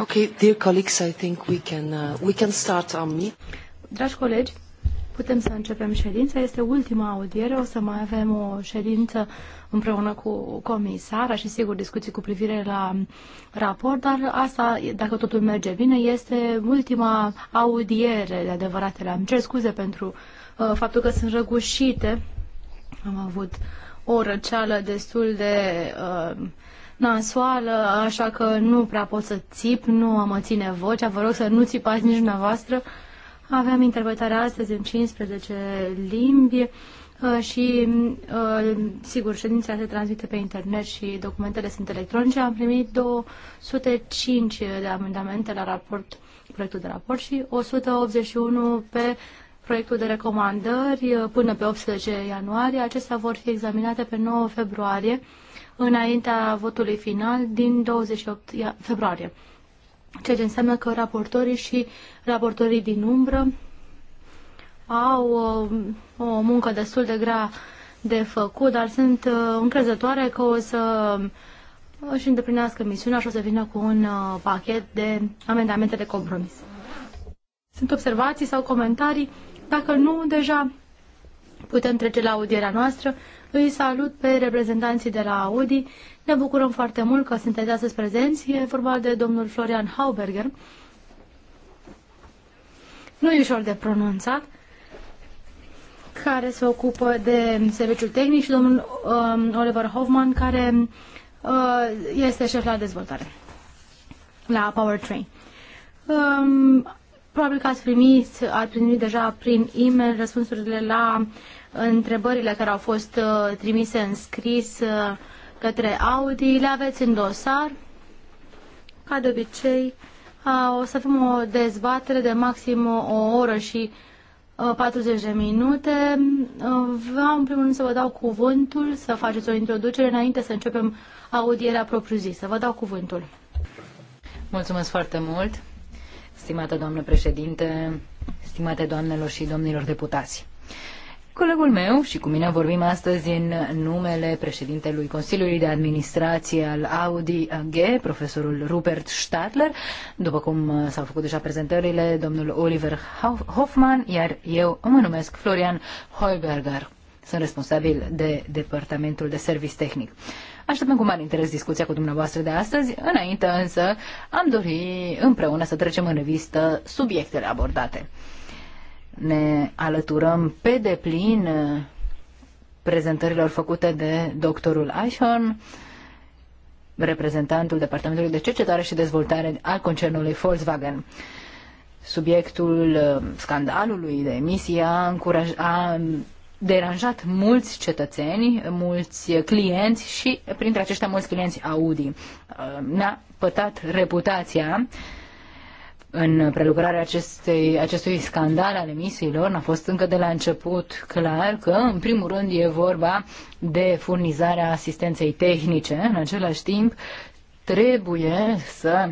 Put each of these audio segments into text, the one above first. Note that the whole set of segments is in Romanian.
Ok, dear colleagues, I think we can, uh, we can start on me. Dragi colegi, putem să începem ședința. Este ultima audiere. O să mai avem o ședință împreună cu comisara și, sigur, discuții cu privire la raport, dar asta, dacă totul merge bine, este ultima audiere de adevărate. Am cer scuze pentru uh, faptul că sunt răgușite. Am avut o răceală destul de... Uh, nasoală, așa că nu prea pot să țip, nu am ține vocea, vă rog să nu țipați nici dumneavoastră. Aveam interpretarea astăzi în 15 limbi uh, și, uh, sigur, ședința se transmite pe internet și documentele sunt electronice. Am primit 205 de amendamente la raport, proiectul de raport și 181 pe proiectul de recomandări uh, până pe 18 ianuarie. Acestea vor fi examinate pe 9 februarie înaintea votului final din 28 februarie. Ceea ce înseamnă că raportorii și raportorii din umbră au o, uh, o muncă destul de grea de făcut, dar sunt uh, încrezătoare că o să își îndeplinească misiunea și o să vină cu un uh, pachet de amendamente de compromis. Sunt observații sau comentarii? Dacă nu, deja putem trece la audierea noastră. Îi salut pe reprezentanții de la Audi. Ne bucurăm foarte mult că sunteți astăzi prezenți. E vorba de domnul Florian Hauberger. Nu e ușor de pronunțat care se ocupă de serviciul tehnic și domnul um, Oliver Hoffman, care uh, este șef la dezvoltare, la Powertrain. Um, probabil că ați primit, ați primit deja prin e-mail răspunsurile la întrebările care au fost uh, trimise în scris uh, către Audi, le aveți în dosar. Ca de obicei, uh, o să avem o dezbatere de maxim o oră și 40 de minute. Vreau în primul rând să vă dau cuvântul, să faceți o introducere înainte să începem audierea propriu-zisă. Vă dau cuvântul. Mulțumesc foarte mult, stimată doamnă președinte, stimate doamnelor și domnilor deputați. Colegul meu și cu mine vorbim astăzi în numele președintelui Consiliului de Administrație al Audi AG, profesorul Rupert Stadler. După cum uh, s-au făcut deja prezentările, domnul Oliver Hoffman, iar eu mă numesc Florian Heuberger. Sunt responsabil de Departamentul de Servici Tehnic. Așteptăm cu mare interes discuția cu dumneavoastră de astăzi. Înainte însă, am dori împreună să trecem în revistă subiectele abordate ne alăturăm pe deplin uh, prezentărilor făcute de doctorul Eichhorn, reprezentantul Departamentului de Cercetare și Dezvoltare al concernului Volkswagen. Subiectul uh, scandalului de emisie a, încuraj- a um, deranjat mulți cetățeni, mulți clienți și printre aceștia mulți clienți Audi. Uh, ne-a pătat reputația în prelucrarea acestei, acestui scandal al emisiilor a fost încă de la început clar că, în primul rând, e vorba de furnizarea asistenței tehnice. În același timp, trebuie să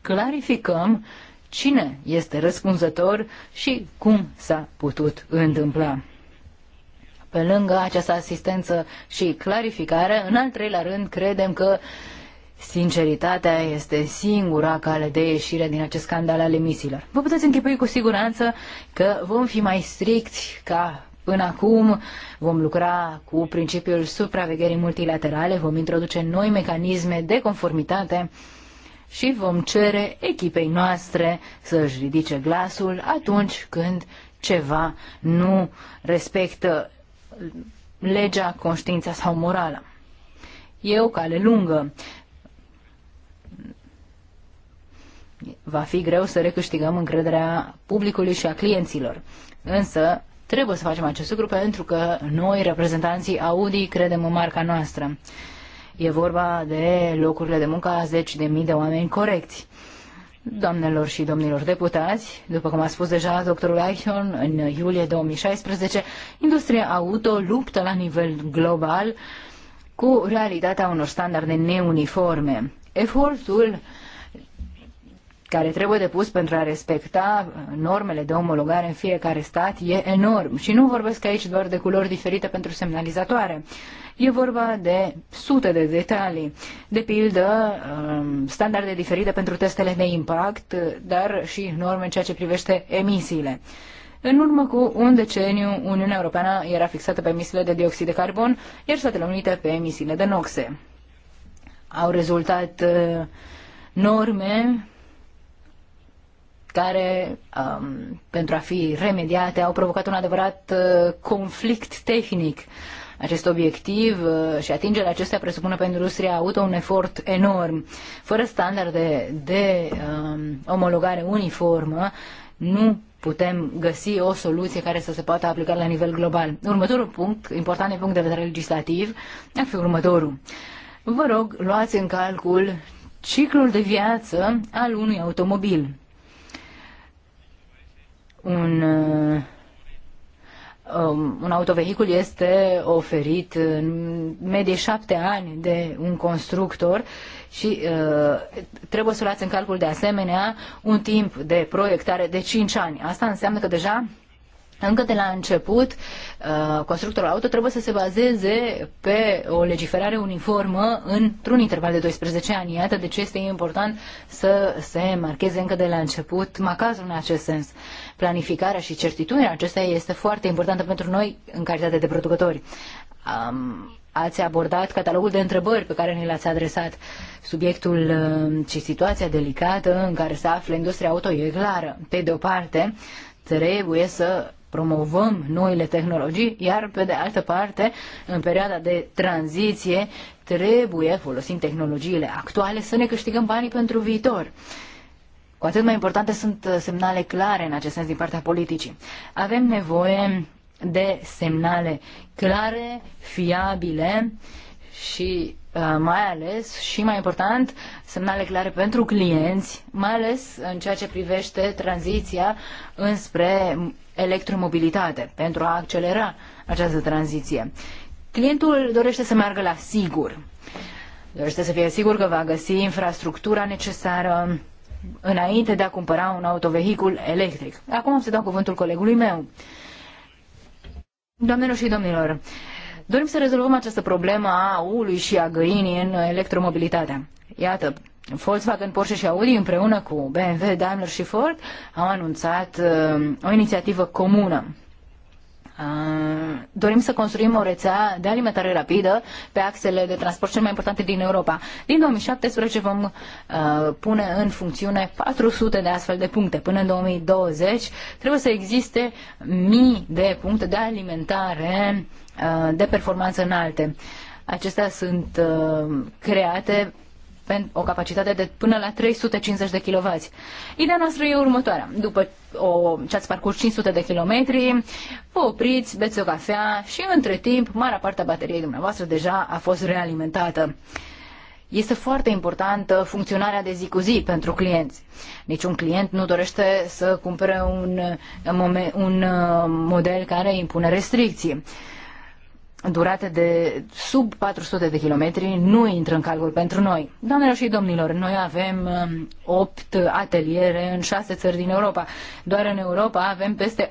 clarificăm cine este răspunzător și cum s-a putut întâmpla. Pe lângă această asistență și clarificare, în al treilea rând, credem că uh, Sinceritatea este singura cale de ieșire din acest scandal al emisiilor. Vă puteți închipui cu siguranță că vom fi mai stricți ca până acum, vom lucra cu principiul supravegherii multilaterale, vom introduce noi mecanisme de conformitate și vom cere echipei noastre să-și ridice glasul atunci când ceva nu respectă legea, conștiința sau morala. E o cale lungă. va fi greu să recâștigăm încrederea publicului și a clienților. Însă, trebuie să facem acest lucru pentru că noi, reprezentanții Audi, credem în marca noastră. E vorba de locurile de muncă a zeci de mii de oameni corecți. Doamnelor și domnilor deputați, după cum a spus deja doctorul Eichhorn, în iulie 2016, industria auto luptă la nivel global cu realitatea unor standarde neuniforme. Efortul uh, care trebuie depus pentru a respecta normele de omologare în fiecare stat e enorm. Și nu vorbesc aici doar de culori diferite pentru semnalizatoare. E vorba de sute de detalii, de pildă um, standarde diferite pentru testele de impact, dar și norme în ceea ce privește emisiile. În urmă cu un deceniu, Uniunea Europeană era fixată pe emisiile de dioxid de carbon, iar Statele Unite pe emisiile de noxe. Au rezultat uh, norme care, um, pentru a fi remediate, au provocat un adevărat uh, conflict tehnic. Acest obiectiv uh, și atingerea acestuia presupune pentru industria auto un efort enorm. Fără standarde de um, omologare uniformă, nu putem găsi o soluție care să se poată aplica la nivel global. Următorul punct, important din punct de vedere legislativ, ar fi următorul. Vă rog, luați în calcul ciclul de viață al unui automobil un, uh, um, un autovehicul este oferit în medie șapte ani de un constructor și uh, trebuie să luați în calcul de asemenea un timp de proiectare de cinci ani. Asta înseamnă că deja încă de la început, uh, constructorul auto trebuie să se bazeze pe o legiferare uniformă într-un interval de 12 ani. Iată de ce este important să se marcheze încă de la început macazul în acest sens. Planificarea și certitudinea acestea este foarte importantă pentru noi în calitate de producători. Um, ați abordat catalogul de întrebări pe care ni l-ați adresat. Subiectul uh, și situația delicată în care se află industria auto e clară. Pe de o parte, trebuie să promovăm noile tehnologii, iar pe de altă parte, în perioada de tranziție, trebuie, folosind tehnologiile actuale, să ne câștigăm banii pentru viitor. Cu atât mai importante sunt uh, semnale clare în acest sens din partea politicii. Avem nevoie de semnale clare, fiabile și uh, mai ales și mai important, semnale clare pentru clienți, mai ales în ceea ce privește tranziția înspre electromobilitate pentru a accelera această tranziție. Clientul dorește să meargă la sigur. Dorește să fie sigur că va găsi infrastructura necesară înainte de a cumpăra un autovehicul electric. Acum am să dau cuvântul colegului meu. Doamnelor și domnilor, dorim să rezolvăm această problemă a ului și a găinii în electromobilitatea. Iată, Volkswagen, Porsche și Audi împreună cu BMW, Daimler și Ford au anunțat uh, o inițiativă comună. Uh, dorim să construim o rețea de alimentare rapidă pe axele de transport cel mai importante din Europa. Din 2017 vom uh, pune în funcțiune 400 de astfel de puncte. Până în 2020 trebuie să existe mii de puncte de alimentare uh, de performanță înalte. Acestea sunt uh, create o capacitate de până la 350 de kW. Ideea noastră e următoarea. După o, ce ați parcurs 500 de kilometri, vă opriți, beți o cafea și între timp, marea parte a bateriei dumneavoastră deja a fost realimentată. Este foarte importantă funcționarea de zi cu zi pentru clienți. Niciun client nu dorește să cumpere un, un uh, model care impune restricții durate de sub 400 de kilometri nu intră în calcul pentru noi. Doamnelor și domnilor, noi avem 8 um, ateliere în 6 țări din Europa. Doar în Europa avem peste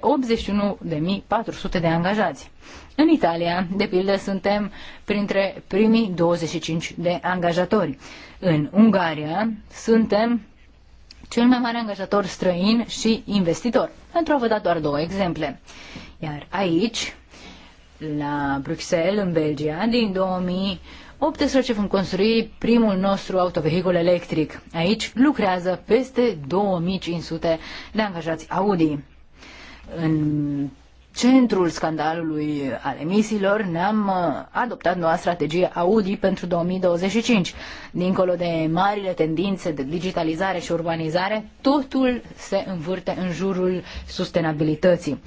81.400 de angajați. În Italia, de pildă, suntem printre primii 25 de angajatori. În Ungaria suntem cel mai mare angajator străin și investitor. Pentru a vă da doar două exemple. Iar aici, la Bruxelles, în Belgia. Din 2018 vom construi primul nostru autovehicul electric. Aici lucrează peste 2500 de angajați Audi. În centrul scandalului al emisiilor, ne-am uh, adoptat noua strategie Audi pentru 2025. Dincolo de marile tendințe de digitalizare și urbanizare, totul se învârte în jurul sustenabilității.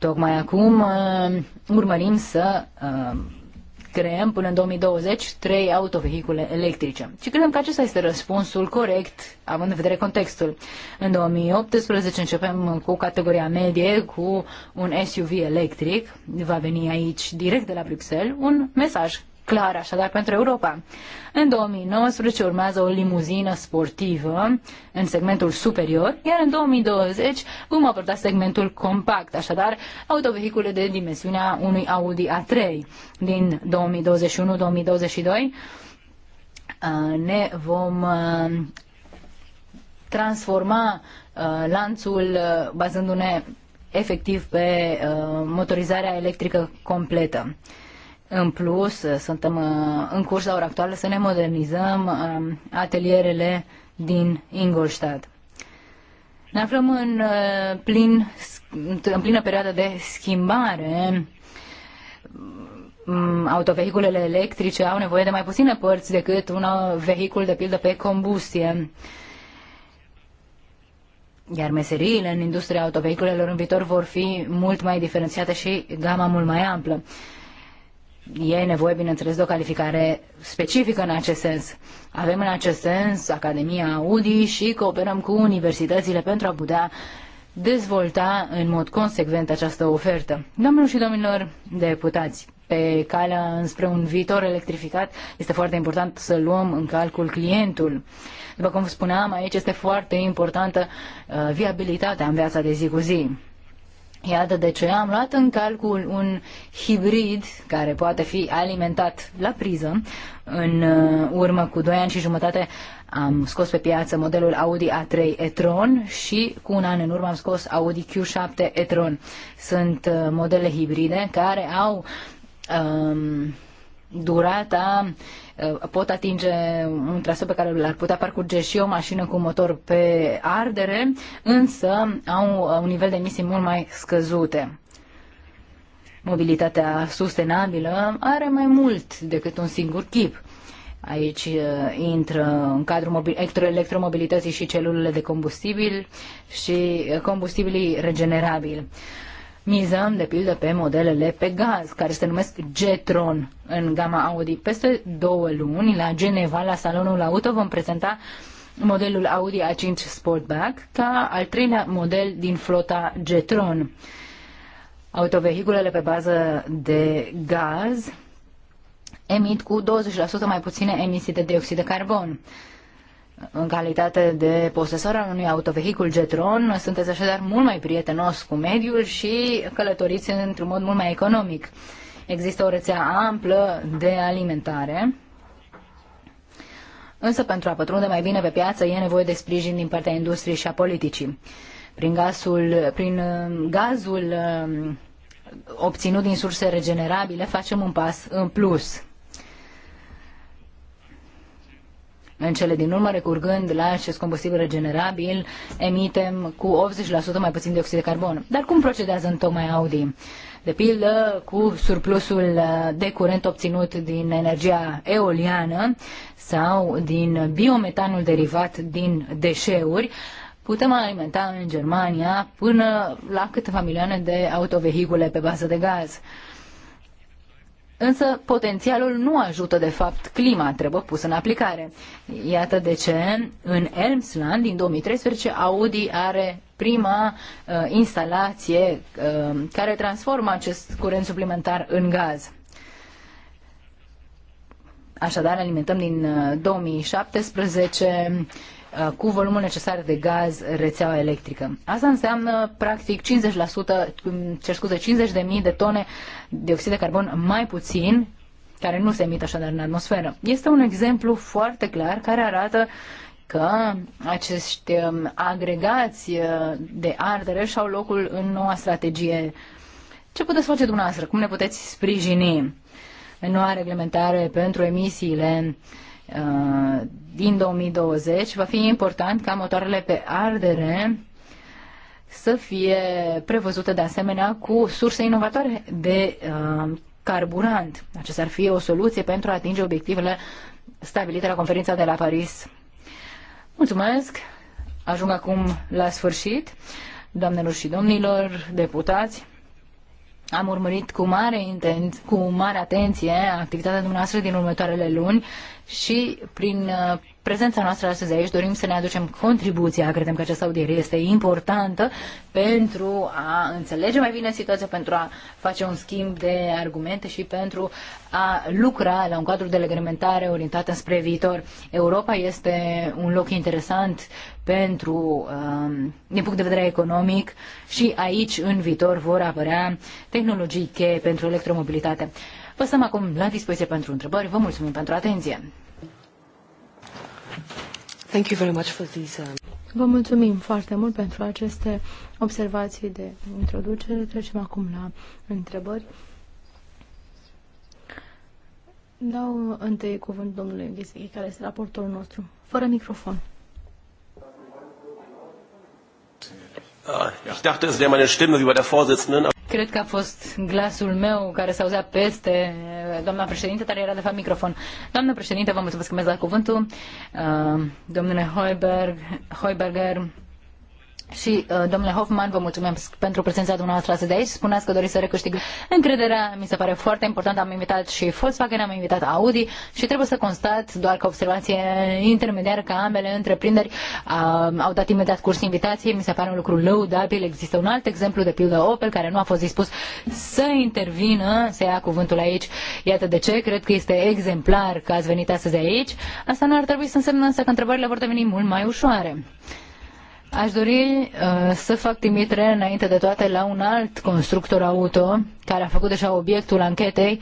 Tocmai acum uh, urmărim să uh, creăm până în 2020 trei autovehicule electrice. Și credem că acesta este răspunsul corect, având în vedere contextul. În 2018 începem cu categoria medie, cu un SUV electric. Va veni aici, direct de la Bruxelles, un mesaj clar așadar pentru Europa. În 2019 urmează o limuzină sportivă în segmentul superior, iar în 2020 vom aborda segmentul compact, așadar autovehicule de dimensiunea unui Audi A3 din 2021-2022 uh, ne vom uh, transforma uh, lanțul bazându-ne efectiv pe motorizarea electrică completă. În plus, suntem uh, în curs la ora actuală să ne modernizăm um, atelierele din Ingolstadt. Ne aflăm în, uh, plin, în plină perioadă de schimbare. Mm, autovehiculele electrice au nevoie de mai puține părți decât un vehicul de pildă pe combustie. Iar meseriile în industria autovehiculelor în viitor vor fi mult mai diferențiate și gama mult mai amplă. E nevoie, bineînțeles, de o calificare specifică în acest sens. Avem în acest sens Academia Audi și cooperăm cu universitățile pentru a putea dezvolta în mod consecvent această ofertă. Doamnelor și domnilor deputați, pe calea înspre un viitor electrificat, este foarte important să luăm în calcul clientul. După cum spuneam, aici este foarte importantă uh, viabilitatea în viața de zi cu zi. Iată de ce am luat în calcul un hibrid care poate fi alimentat la priză. În uh, urmă cu 2 ani și jumătate am scos pe piață modelul Audi A3 e-tron și cu un an în urmă am scos Audi Q7 e-tron. Sunt uh, modele hibride care au um, durata uh, pot atinge un traseu pe care l-ar putea parcurge și o mașină cu motor pe ardere, însă au uh, un nivel de emisii mult mai scăzute. Mobilitatea sustenabilă are mai mult decât un singur chip. Aici uh, intră în cadrul electromobilității și celulele de combustibil și combustibilii regenerabili mizăm, de pildă, pe modelele pe gaz, care se numesc Jetron în gama Audi. Peste două luni, la Geneva, la salonul auto, vom prezenta modelul Audi A5 Sportback ca al treilea model din flota Jetron. Autovehiculele pe bază de gaz emit cu 20% mai puține emisii de dioxid de carbon în calitate de posesor al unui autovehicul Jetron, sunteți așadar mult mai prietenos cu mediul și călătoriți într-un mod mult mai economic. Există o rețea amplă de alimentare, însă pentru a pătrunde mai bine pe piață e nevoie de sprijin din partea industriei și a politicii. Prin, gasul, prin uh, gazul uh, obținut din surse regenerabile facem un pas în plus În cele din urmă, recurgând la acest combustibil regenerabil, emitem cu 80% mai puțin dioxid de carbon. Dar cum procedează în tocmai Audi? De pildă, cu surplusul uh, de curent obținut din energia eoliană sau din biometanul derivat din deșeuri, putem alimenta în Germania până la câteva milioane de autovehicule pe bază de gaz. Însă potențialul nu ajută de fapt clima, trebuie pus în aplicare. Iată de ce în Elmsland din 2013 Audi are prima uh, instalație uh, care transformă acest curent suplimentar în gaz. Așadar, alimentăm din uh, 2017 Uh, cu volumul necesar de gaz rețeaua electrică. Asta înseamnă practic 50%, um, cer scuze, 50.000 de tone de oxid de carbon mai puțin care nu se emit așadar în atmosferă. Este un exemplu foarte clar care arată că acești um, agregați uh, de ardere și-au locul în noua strategie. Ce puteți face dumneavoastră? Cum ne puteți sprijini în noua reglementare pentru emisiile uh, Uh, din 2020, va fi important ca motoarele pe ardere să fie prevăzute de asemenea cu surse inovatoare de uh, carburant. Acesta ar fi o soluție pentru a atinge obiectivele stabilite la conferința de la Paris. Mulțumesc! Ajung acum la sfârșit. Doamnelor și domnilor, deputați, am urmărit cu mare, inten- cu mare atenție activitatea dumneavoastră din următoarele luni și prin uh, prezența noastră astăzi aici dorim să ne aducem contribuția, credem că această audiere este importantă pentru a înțelege mai bine situația, pentru a face un schimb de argumente și pentru a lucra la un cadru de reglementare orientat spre viitor. Europa este un loc interesant pentru, um, din punct de vedere economic și aici în viitor vor apărea tehnologii cheie pentru electromobilitate. Vă stăm acum la dispoziție pentru întrebări. Vă mulțumim pentru atenție. Thank you very much for this. um... Vă mulțumim foarte mult pentru aceste observații de introducere. Trecem acum la întrebări. Dau întâi cuvânt domnului Ghischi, care este raportorul nostru, fără microfon. Ah, ich dachte, es wäre meine Stimme wie bei der Vorsitzenden. Cred că a fost glasul meu care se auzea peste eh, doamna președinte, dar era de fapt microfon. Doamna președinte, vă mulțumesc că mi-ați dat cuvântul. Uh, domnule Hoiberg, Hoiberger, și, uh, domnule Hoffman, vă mulțumesc pentru prezența dumneavoastră astăzi de aici. Spuneați că doriți să recâștig încrederea. Mi se pare foarte important. Am invitat și Volkswagen, am invitat Audi și trebuie să constat, doar că observație intermediară, că ambele întreprinderi uh, au dat imediat curs invitației. Mi se pare un lucru lăudabil. Există un alt exemplu, de pildă Opel, care nu a fost dispus să intervină, să ia cuvântul aici. Iată de ce. Cred că este exemplar că ați venit astăzi aici. Asta nu ar trebui să însemnă însă că întrebările vor deveni mult mai ușoare. Aș dori uh, să fac trimitere înainte de toate la un alt constructor auto care a făcut deja obiectul anchetei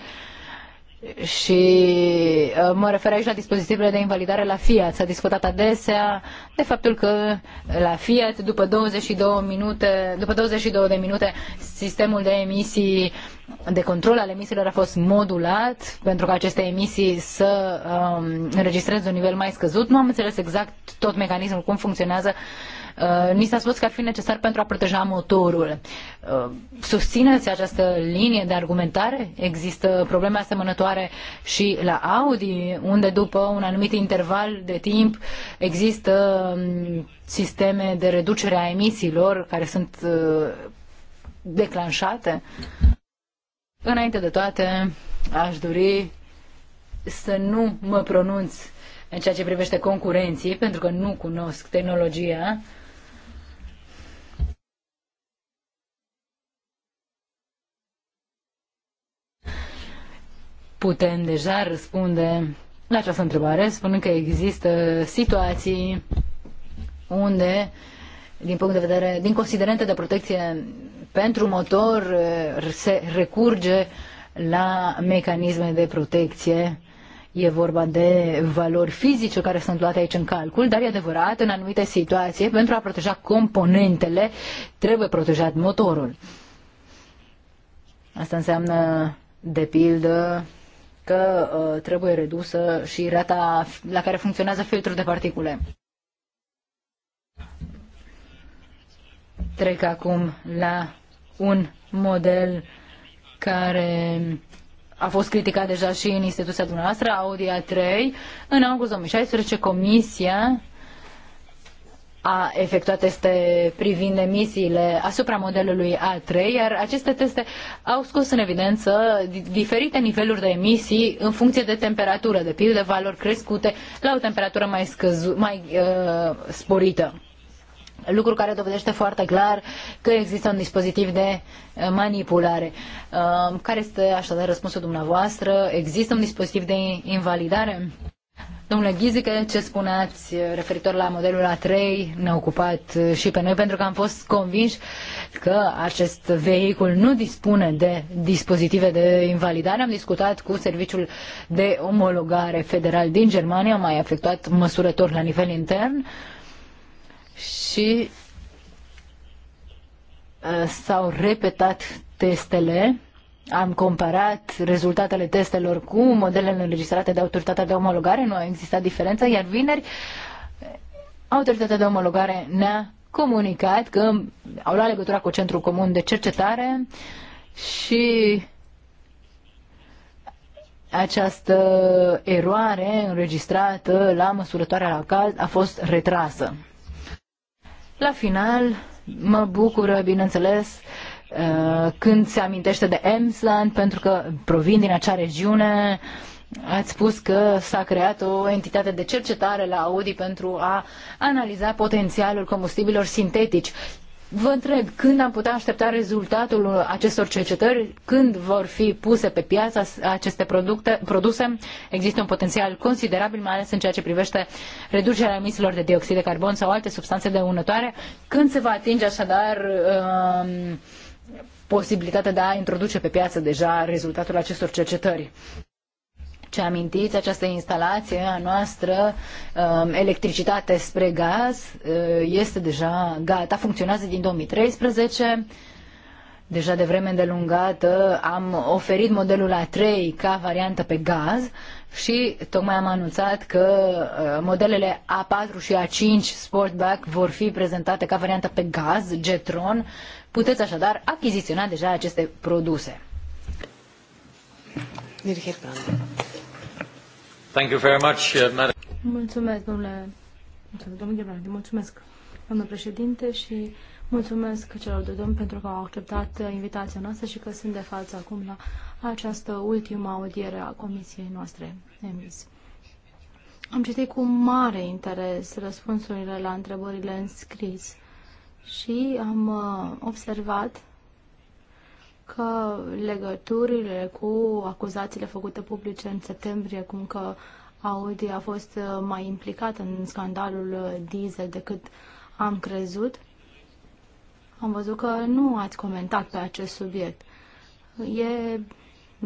și uh, mă refer aici la dispozitivele de invalidare la Fiat. S-a discutat adesea de faptul că la Fiat după 22, minute, după 22 de minute sistemul de emisii de control al emisiilor a fost modulat pentru ca aceste emisii să um, înregistreze un nivel mai scăzut. Nu am înțeles exact tot mecanismul, cum funcționează. Uh, ni s-a spus că ar fi necesar pentru a proteja motorul. Uh, susțineți această linie de argumentare? Există probleme asemănătoare și la Audi, unde după un anumit interval de timp există um, sisteme de reducere a emisiilor care sunt uh, declanșate. Înainte de toate, aș dori să nu mă pronunț în ceea ce privește concurenții, pentru că nu cunosc tehnologia, Putem deja răspunde la această întrebare spunând că există situații unde, din punct de vedere, din considerente de protecție pentru motor, se recurge la mecanisme de protecție. E vorba de valori fizice care sunt luate aici în calcul, dar e adevărat, în anumite situații, pentru a proteja componentele, trebuie protejat motorul. Asta înseamnă, de pildă, că uh, trebuie redusă și rata la care funcționează filtrul de particule. Trec acum la un model care a fost criticat deja și în instituția dumneavoastră, a 3. În august 2016, Comisia a efectuat teste privind emisiile asupra modelului A3, iar aceste teste au scos în evidență diferite niveluri de emisii în funcție de temperatură, de pildă valori crescute la o temperatură mai, scăzu- mai uh, sporită lucru care dovedește foarte clar că există un dispozitiv de uh, manipulare. Uh, care este așadar răspunsul dumneavoastră? Există un dispozitiv de invalidare? Domnule Ghizică, ce spuneați referitor la modelul A3 ne-a ocupat uh, și pe noi pentru că am fost convinși că acest vehicul nu dispune de dispozitive de invalidare. Am discutat cu serviciul de omologare federal din Germania, am mai efectuat măsurători la nivel intern și uh, s-au repetat testele am comparat rezultatele testelor cu modelele înregistrate de autoritatea de omologare, nu a existat diferență, iar vineri autoritatea de omologare ne-a comunicat că au luat legătura cu Centrul Comun de Cercetare și această eroare înregistrată la măsurătoarea la cald a fost retrasă. La final, mă bucură, bineînțeles, Uh, când se amintește de Emsland, pentru că provin din acea regiune, ați spus că s-a creat o entitate de cercetare la Audi pentru a analiza potențialul combustibilor sintetici. Vă întreb, când am putea aștepta rezultatul acestor cercetări? Când vor fi puse pe piață aceste producte, produse? Există un potențial considerabil, mai ales în ceea ce privește reducerea emisiilor de dioxid de carbon sau alte substanțe dăunătoare. Când se va atinge așadar uh, posibilitatea de a introduce pe piață deja rezultatul acestor cercetări. Ce amintiți, această instalație a noastră, um, electricitate spre gaz, uh, este deja gata, funcționează din 2013. Deja de vreme îndelungată am oferit modelul A3 ca variantă pe gaz și tocmai am anunțat că uh, modelele A4 și A5 Sportback vor fi prezentate ca variantă pe gaz, Getron, Puteți așadar achiziționa deja aceste produse. Thank you very much, uh, madam. Mulțumesc, domnule. Mulțumesc, domnule Gheorghe. Mulțumesc, domnule președinte, și mulțumesc celor de domn pentru că au acceptat invitația noastră și că sunt de față acum la această ultimă audiere a comisiei noastre emis. Am citit cu mare interes răspunsurile la întrebările înscris și am uh, observat că legăturile cu acuzațiile făcute publice în septembrie, cum că Audi a fost uh, mai implicat în scandalul uh, diesel decât am crezut, am văzut că nu ați comentat pe acest subiect. E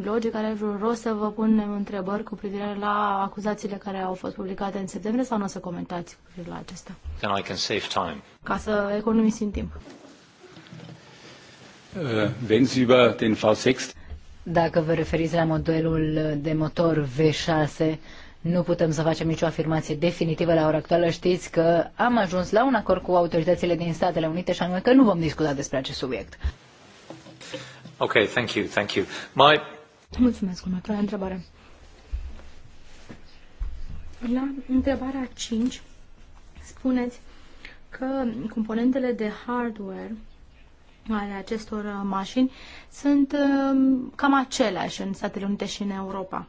logic, are vreun rost să vă punem întrebări cu privire la acuzațiile care au fost publicate în septembrie sau nu o să comentați cu privire la acestea? Then I can save time. Ca să economisim timp. Uh, dacă vă referiți la modelul de motor V6, nu putem să facem nicio afirmație definitivă la ora actuală. Știți că am ajuns la un acord cu autoritățile din Statele Unite și anume că nu vom discuta despre acest subiect. Ok, thank you, thank you. My Mulțumesc. Următoarea întrebare. La întrebarea 5 spuneți că componentele de hardware ale acestor mașini sunt um, cam aceleași în Statele Unite și în Europa.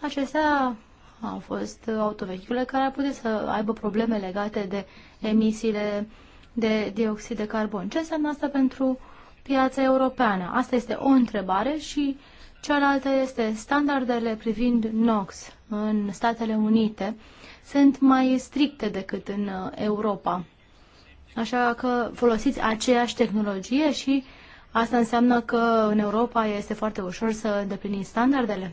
Acestea au fost autovehicule care ar putea să aibă probleme legate de emisiile de dioxid de carbon. Ce înseamnă asta pentru piața europeană? Asta este o întrebare și uh, Cealaltă este standardele privind NOx în Statele Unite sunt mai stricte decât în uh, Europa. Așa că folosiți aceeași tehnologie și asta înseamnă că în Europa este foarte ușor să îndepliniți standardele?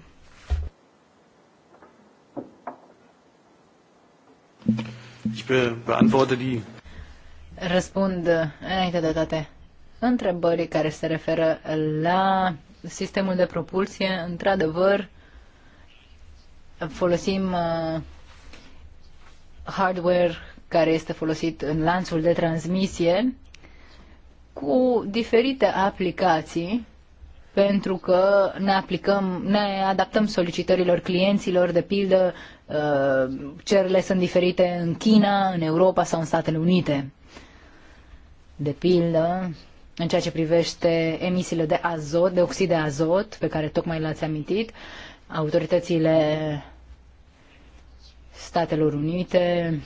Ich die Răspund uh, înainte de toate întrebării care se referă la sistemul de propulsie, într-adevăr, folosim uh, hardware care este folosit în lanțul de transmisie cu diferite aplicații pentru că ne aplicăm, ne adaptăm solicitărilor clienților, de pildă uh, cererile sunt diferite în China, în Europa sau în Statele Unite. De pildă, în ceea ce privește emisiile de azot, de oxid de azot, pe care tocmai l-ați amintit, autoritățile Statelor Unite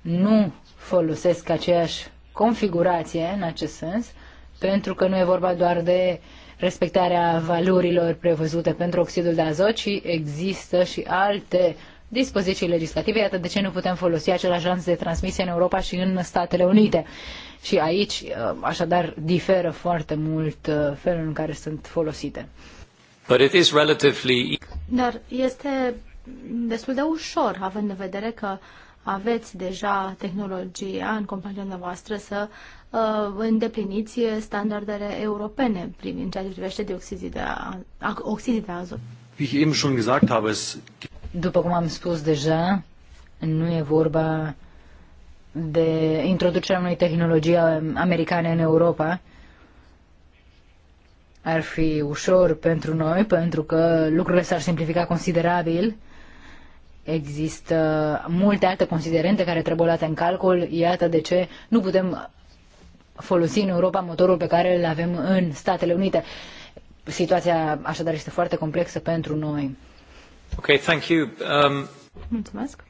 nu folosesc aceeași configurație în acest sens, pentru că nu e vorba doar de respectarea valorilor prevăzute pentru oxidul de azot, ci există și alte dispoziții legislative, iată de ce nu putem folosi același lanț de transmisie în Europa și în Statele Unite. Și aici, uh, așadar, diferă foarte mult uh, felul în care sunt folosite. But it is relatively... Dar este destul de ușor, având în vedere că aveți deja tehnologia în compania noastră să uh, îndepliniți standardele europene privind ceea ce privește dioxidii de, oxidii de azot. Wie ich eben schon gesagt habe, es după cum am spus deja, nu e vorba de introducerea unei tehnologii uh, americane în Europa. Ar fi ușor pentru noi, pentru că lucrurile s-ar simplifica considerabil. Există multe alte considerente care trebuie luate în calcul. Iată de ce nu putem folosi în Europa motorul pe care îl avem în Statele Unite. Situația așadar este foarte complexă pentru noi. Ok, thank you. Um... Mulțumesc.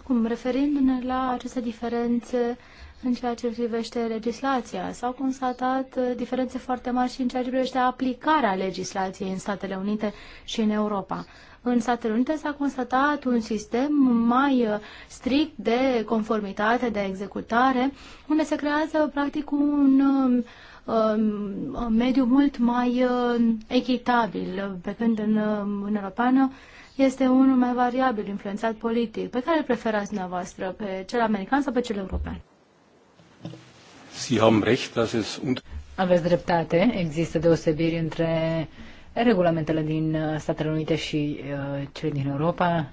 Acum, referindu-ne la aceste diferențe în ceea ce privește legislația, s-au constatat uh, diferențe foarte mari și în ceea ce privește aplicarea legislației în Statele Unite și în Europa. În Statele Unite s-a constatat un sistem mai uh, strict de conformitate, de executare, unde se creează practic un um, Um, mediu mult mai um, echitabil, pe când în um, Uniunea Europeană este unul mai variabil, influențat politic. Pe care îl preferați dumneavoastră, pe cel american sau pe cel european? Sie haben recht, dass es Aveți dreptate, există deosebiri între regulamentele din uh, Statele Unite și uh, cele din Europa.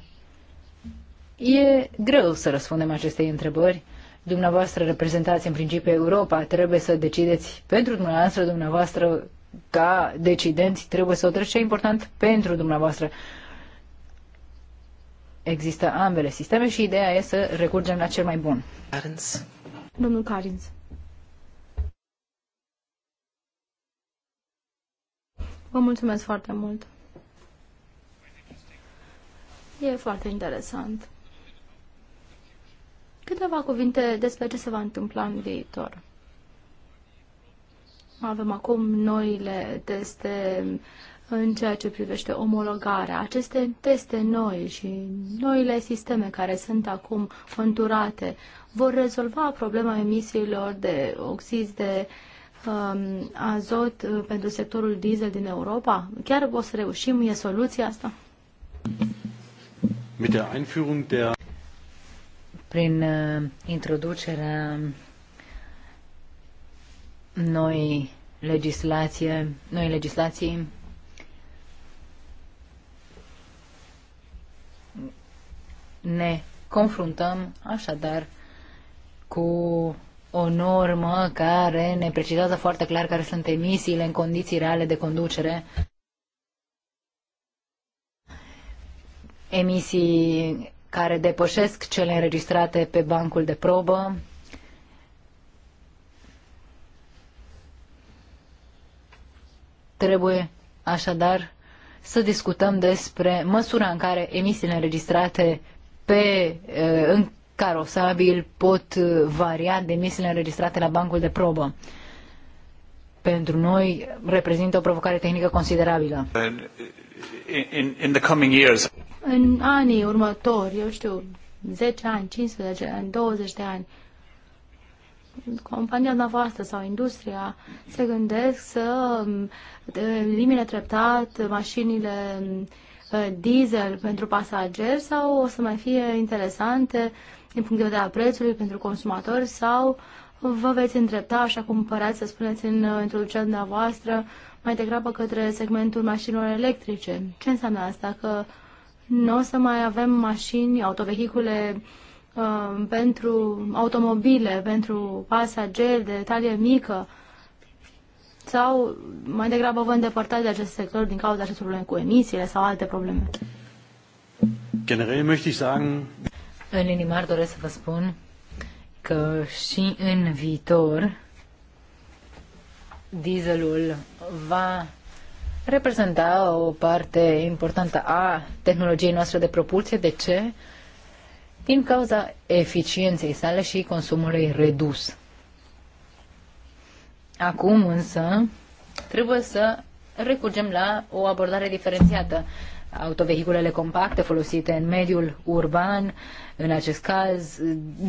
E greu să răspundem acestei întrebări. Dumneavoastră reprezentați în principiu Europa, trebuie să decideți pentru dumneavoastră, dumneavoastră ca decidenți trebuie să o treci, ce e important pentru dumneavoastră. Există ambele sisteme și ideea e să recurgem la cel mai bun. Carins. Domnul Carins. Vă mulțumesc foarte mult. E foarte interesant. Câteva cuvinte despre ce se va întâmpla în viitor. Avem acum noile teste în ceea ce privește omologarea. Aceste teste noi și noile sisteme care sunt acum conturate vor rezolva problema emisiilor de oxid de um, azot pentru sectorul diesel din Europa? Chiar o să reușim? E soluția asta? Mit der Einführung der prin uh, introducerea noi legislație, noi legislații ne confruntăm așadar cu o normă care ne precizează foarte clar care sunt emisiile în condiții reale de conducere. Emisii care depășesc cele înregistrate pe bancul de probă. Trebuie așadar să discutăm despre măsura în care emisiile înregistrate pe, eh, în carosabil pot eh, varia de emisiile înregistrate la bancul de probă. Pentru noi reprezintă o provocare tehnică considerabilă. In, in, in the coming years în anii următori, eu știu, 10 ani, 15 ani, 20 de ani, compania noastră sau industria se gândesc să mm, elimine treptat mașinile mm, eh, diesel pentru pasageri sau o să mai fie interesante din punct de vedere a prețului pentru consumatori sau vă veți îndrepta, așa cum păreați să spuneți în eh, introducerea dumneavoastră, mai degrabă către segmentul mașinilor electrice. Ce înseamnă asta? Că nu o să mai avem mașini, autovehicule uh, pentru automobile, pentru pasageri de talie mică sau mai degrabă vă îndepărtați de acest sector din cauza acestor probleme cu emisiile sau alte probleme? În linii mari doresc să vă spun că și în viitor dieselul va reprezenta o parte importantă a tehnologiei noastre de propulsie. De ce? Din cauza eficienței sale și consumului redus. Acum însă trebuie să recurgem la o abordare diferențiată autovehiculele compacte folosite în mediul urban. În acest caz,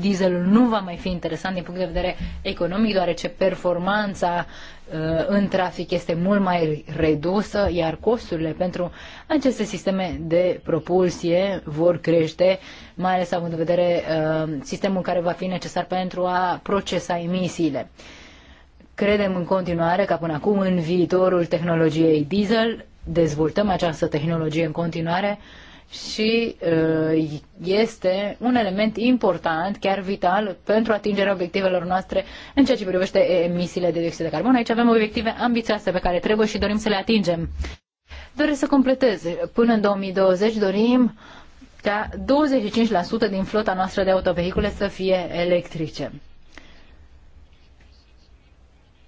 dieselul nu va mai fi interesant din punct de vedere economic, deoarece performanța uh, în trafic este mult mai redusă, iar costurile pentru aceste sisteme de propulsie vor crește, mai ales având în vedere uh, sistemul care va fi necesar pentru a procesa emisiile. Credem în continuare că până acum, în viitorul tehnologiei diesel, dezvoltăm această tehnologie în continuare și uh, este un element important, chiar vital, pentru atingerea obiectivelor noastre în ceea ce privește emisiile de dioxid de carbon. Aici avem obiective ambițioase pe care trebuie și dorim să le atingem. Doresc să completez. Până în 2020 dorim ca 25% din flota noastră de autovehicule să fie electrice.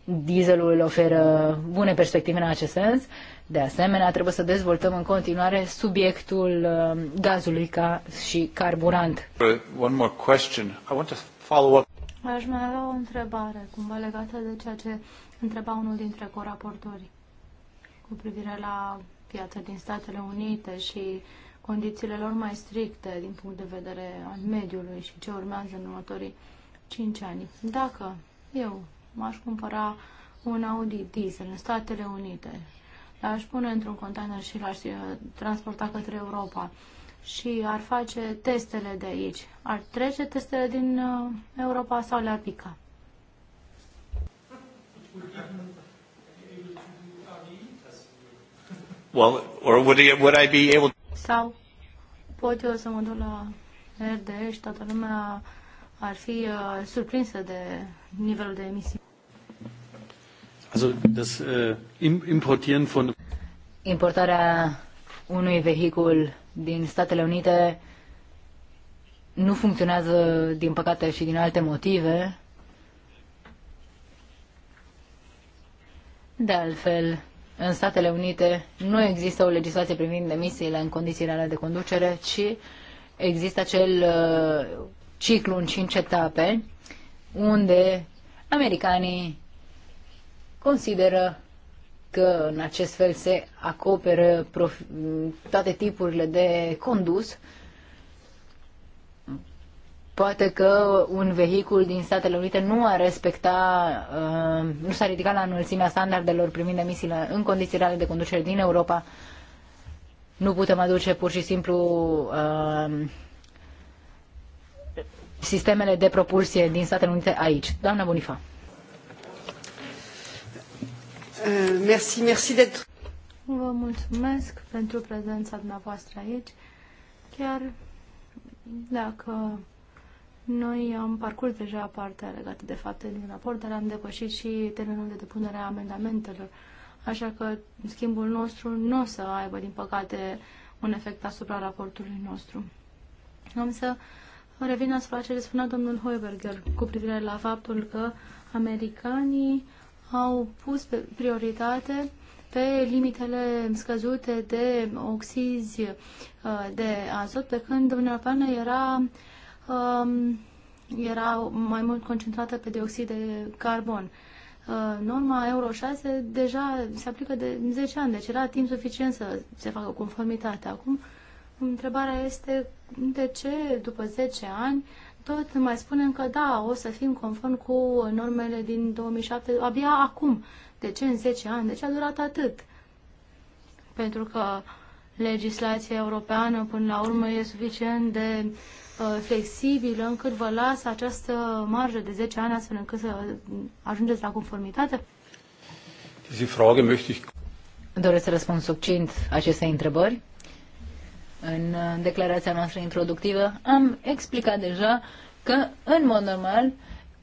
Dieselul oferă bune perspective în acest sens. De asemenea, trebuie să dezvoltăm în continuare subiectul uh, gazului ca și carburant. Uh, one more question. I want to follow up. Aș mai avea o întrebare, cumva legată de ceea ce întreba unul dintre coraportori cu privire la piața din Statele Unite și condițiile lor mai stricte din punct de vedere al mediului și ce urmează în următorii 5 ani. Dacă eu m-aș cumpăra un Audi diesel în Statele Unite, l-aș pune într-un container și l-aș uh, transporta către Europa și ar face testele de aici, ar trece testele din uh, Europa sau le-ar pica? Well, or would, he, would I be able Sau pot eu să mă duc la RDE și toată lumea ar fi uh, surprinsă de nivelul de emisii. Also das äh, Importieren von Importarea unui vehicul din Statele Unite nu funcționează, din păcate, și din alte motive. De altfel, în Statele Unite nu există o legislație privind emisiile în condiții reale de conducere, ci există acel uh, ciclu în cinci etape unde americanii consideră că în acest fel se acoperă toate tipurile de condus. Poate că un vehicul din Statele Unite nu a respecta, uh, nu s-a ridicat la înălțimea standardelor privind emisiile în condiții reale de conducere din Europa. Nu putem aduce pur și simplu uh, sistemele de propulsie din Statele Unite aici. Doamna Bonifa. Euh, merci, merci d'être. Vă mulțumesc pentru prezența dumneavoastră aici. Chiar dacă noi am parcurs deja partea legată de fapte din raport, dar am depășit și termenul de depunere a amendamentelor. Așa că schimbul nostru nu o să aibă, din păcate, un efect asupra raportului nostru. Am să revin asupra ce spunea domnul Hoiberger cu privire la faptul că americanii au pus pe prioritate pe limitele scăzute de oxizi uh, de azot, pe când Uniunea Europeană era, um, era mai mult concentrată pe dioxid de carbon. Uh, norma Euro 6 deja se aplică de 10 ani, deci era timp suficient să se facă conformitate. Acum, întrebarea este de ce după 10 ani tot mai spunem că da, o să fim conform cu normele din 2007, abia acum. De ce în 10 ani? De ce a durat atât? Pentru că legislația europeană până la urmă e suficient de uh, flexibilă încât vă lasă această marjă de 10 ani astfel încât să ajungeți la conformitate? Diese Doresc să răspund succint acestei întrebări? În uh, declarația noastră introductivă am explicat deja că, în mod normal,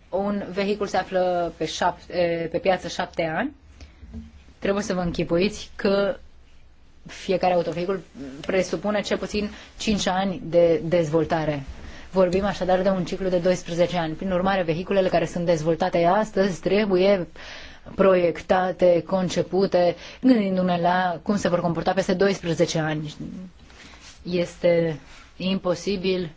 un vehicul se află pe, șapte, pe piață șapte ani. Trebuie să vă închipuiți că fiecare autovehicul presupune cel puțin 5 ani de dezvoltare. Vorbim așadar de un ciclu de 12 ani. Prin urmare, vehiculele care sunt dezvoltate astăzi trebuie proiectate, concepute, gândindu-ne la cum se vor comporta peste 12 ani. Este imposibil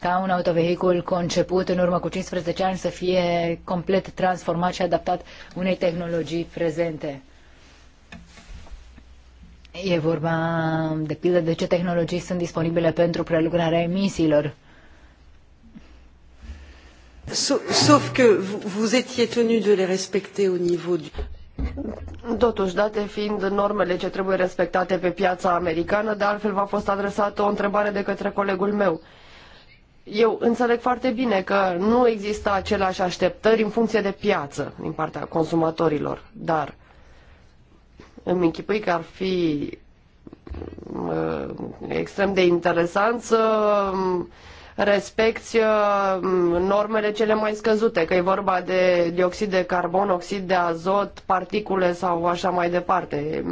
ca un autovehicul conceput în urmă cu 15 ani să fie complet transformat și adaptat unei tehnologii prezente. E vorba, de pildă, de ce tehnologii sunt disponibile pentru prelucrarea emisiilor. Sauf că, vous étiez tenu de les respecter au niveau du... Totuși, date fiind normele ce trebuie respectate pe piața americană, de altfel v-a fost adresată o întrebare de către colegul meu. Eu înțeleg foarte bine că nu există aceleași așteptări în funcție de piață din partea consumatorilor, dar îmi închipui că ar fi uh, extrem de interesant să respecti uh, normele cele mai scăzute, că e vorba de dioxid de carbon, oxid de azot, particule sau așa mai departe.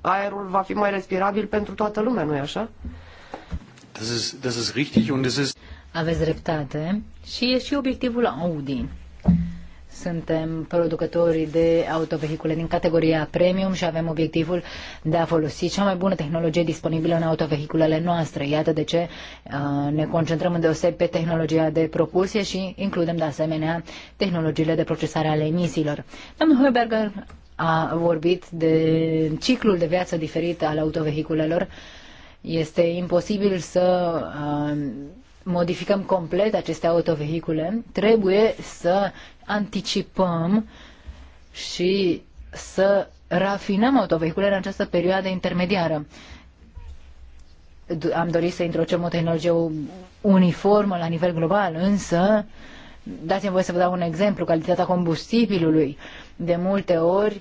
Aerul va fi mai respirabil pentru toată lumea, nu-i așa? Das Aveți dreptate și e și obiectivul Audi. Suntem producători de autovehicule din categoria premium și avem obiectivul de a folosi cea mai bună tehnologie disponibilă în autovehiculele noastre. Iată de ce uh, ne concentrăm îndeoseb pe tehnologia de propulsie și includem de asemenea tehnologiile de procesare ale emisiilor. Domnul Heuberger a vorbit de ciclul de viață diferit al autovehiculelor. Este imposibil să uh, modificăm complet aceste autovehicule, trebuie să anticipăm și să rafinăm autovehiculele în această perioadă intermediară. Am dorit să introducem o tehnologie uniformă la nivel global, însă dați-mi voie să vă dau un exemplu, calitatea combustibilului. De multe ori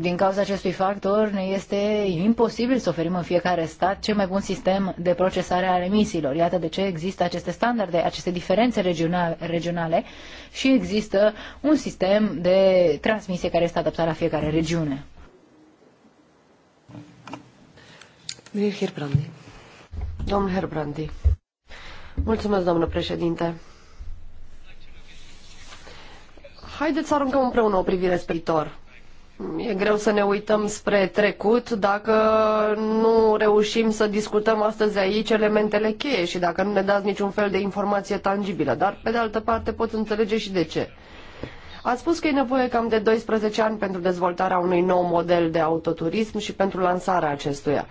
din cauza acestui factor, ne este imposibil să oferim în fiecare stat cel mai bun sistem de procesare a emisiilor. Iată de ce există aceste standarde, aceste diferențe regionale, regionale și există un sistem de transmisie care este adaptat la fiecare regiune. Herbrandi. Domnul Herbrandi. Mulțumesc, doamnă președinte. Haideți să aruncăm împreună o privire spre viitor. E greu să ne uităm spre trecut dacă nu reușim să discutăm astăzi aici elementele cheie și dacă nu ne dați niciun fel de informație tangibilă. Dar, pe de altă parte, pot înțelege și de ce. Ați spus că e nevoie cam de 12 ani pentru dezvoltarea unui nou model de autoturism și pentru lansarea acestuia.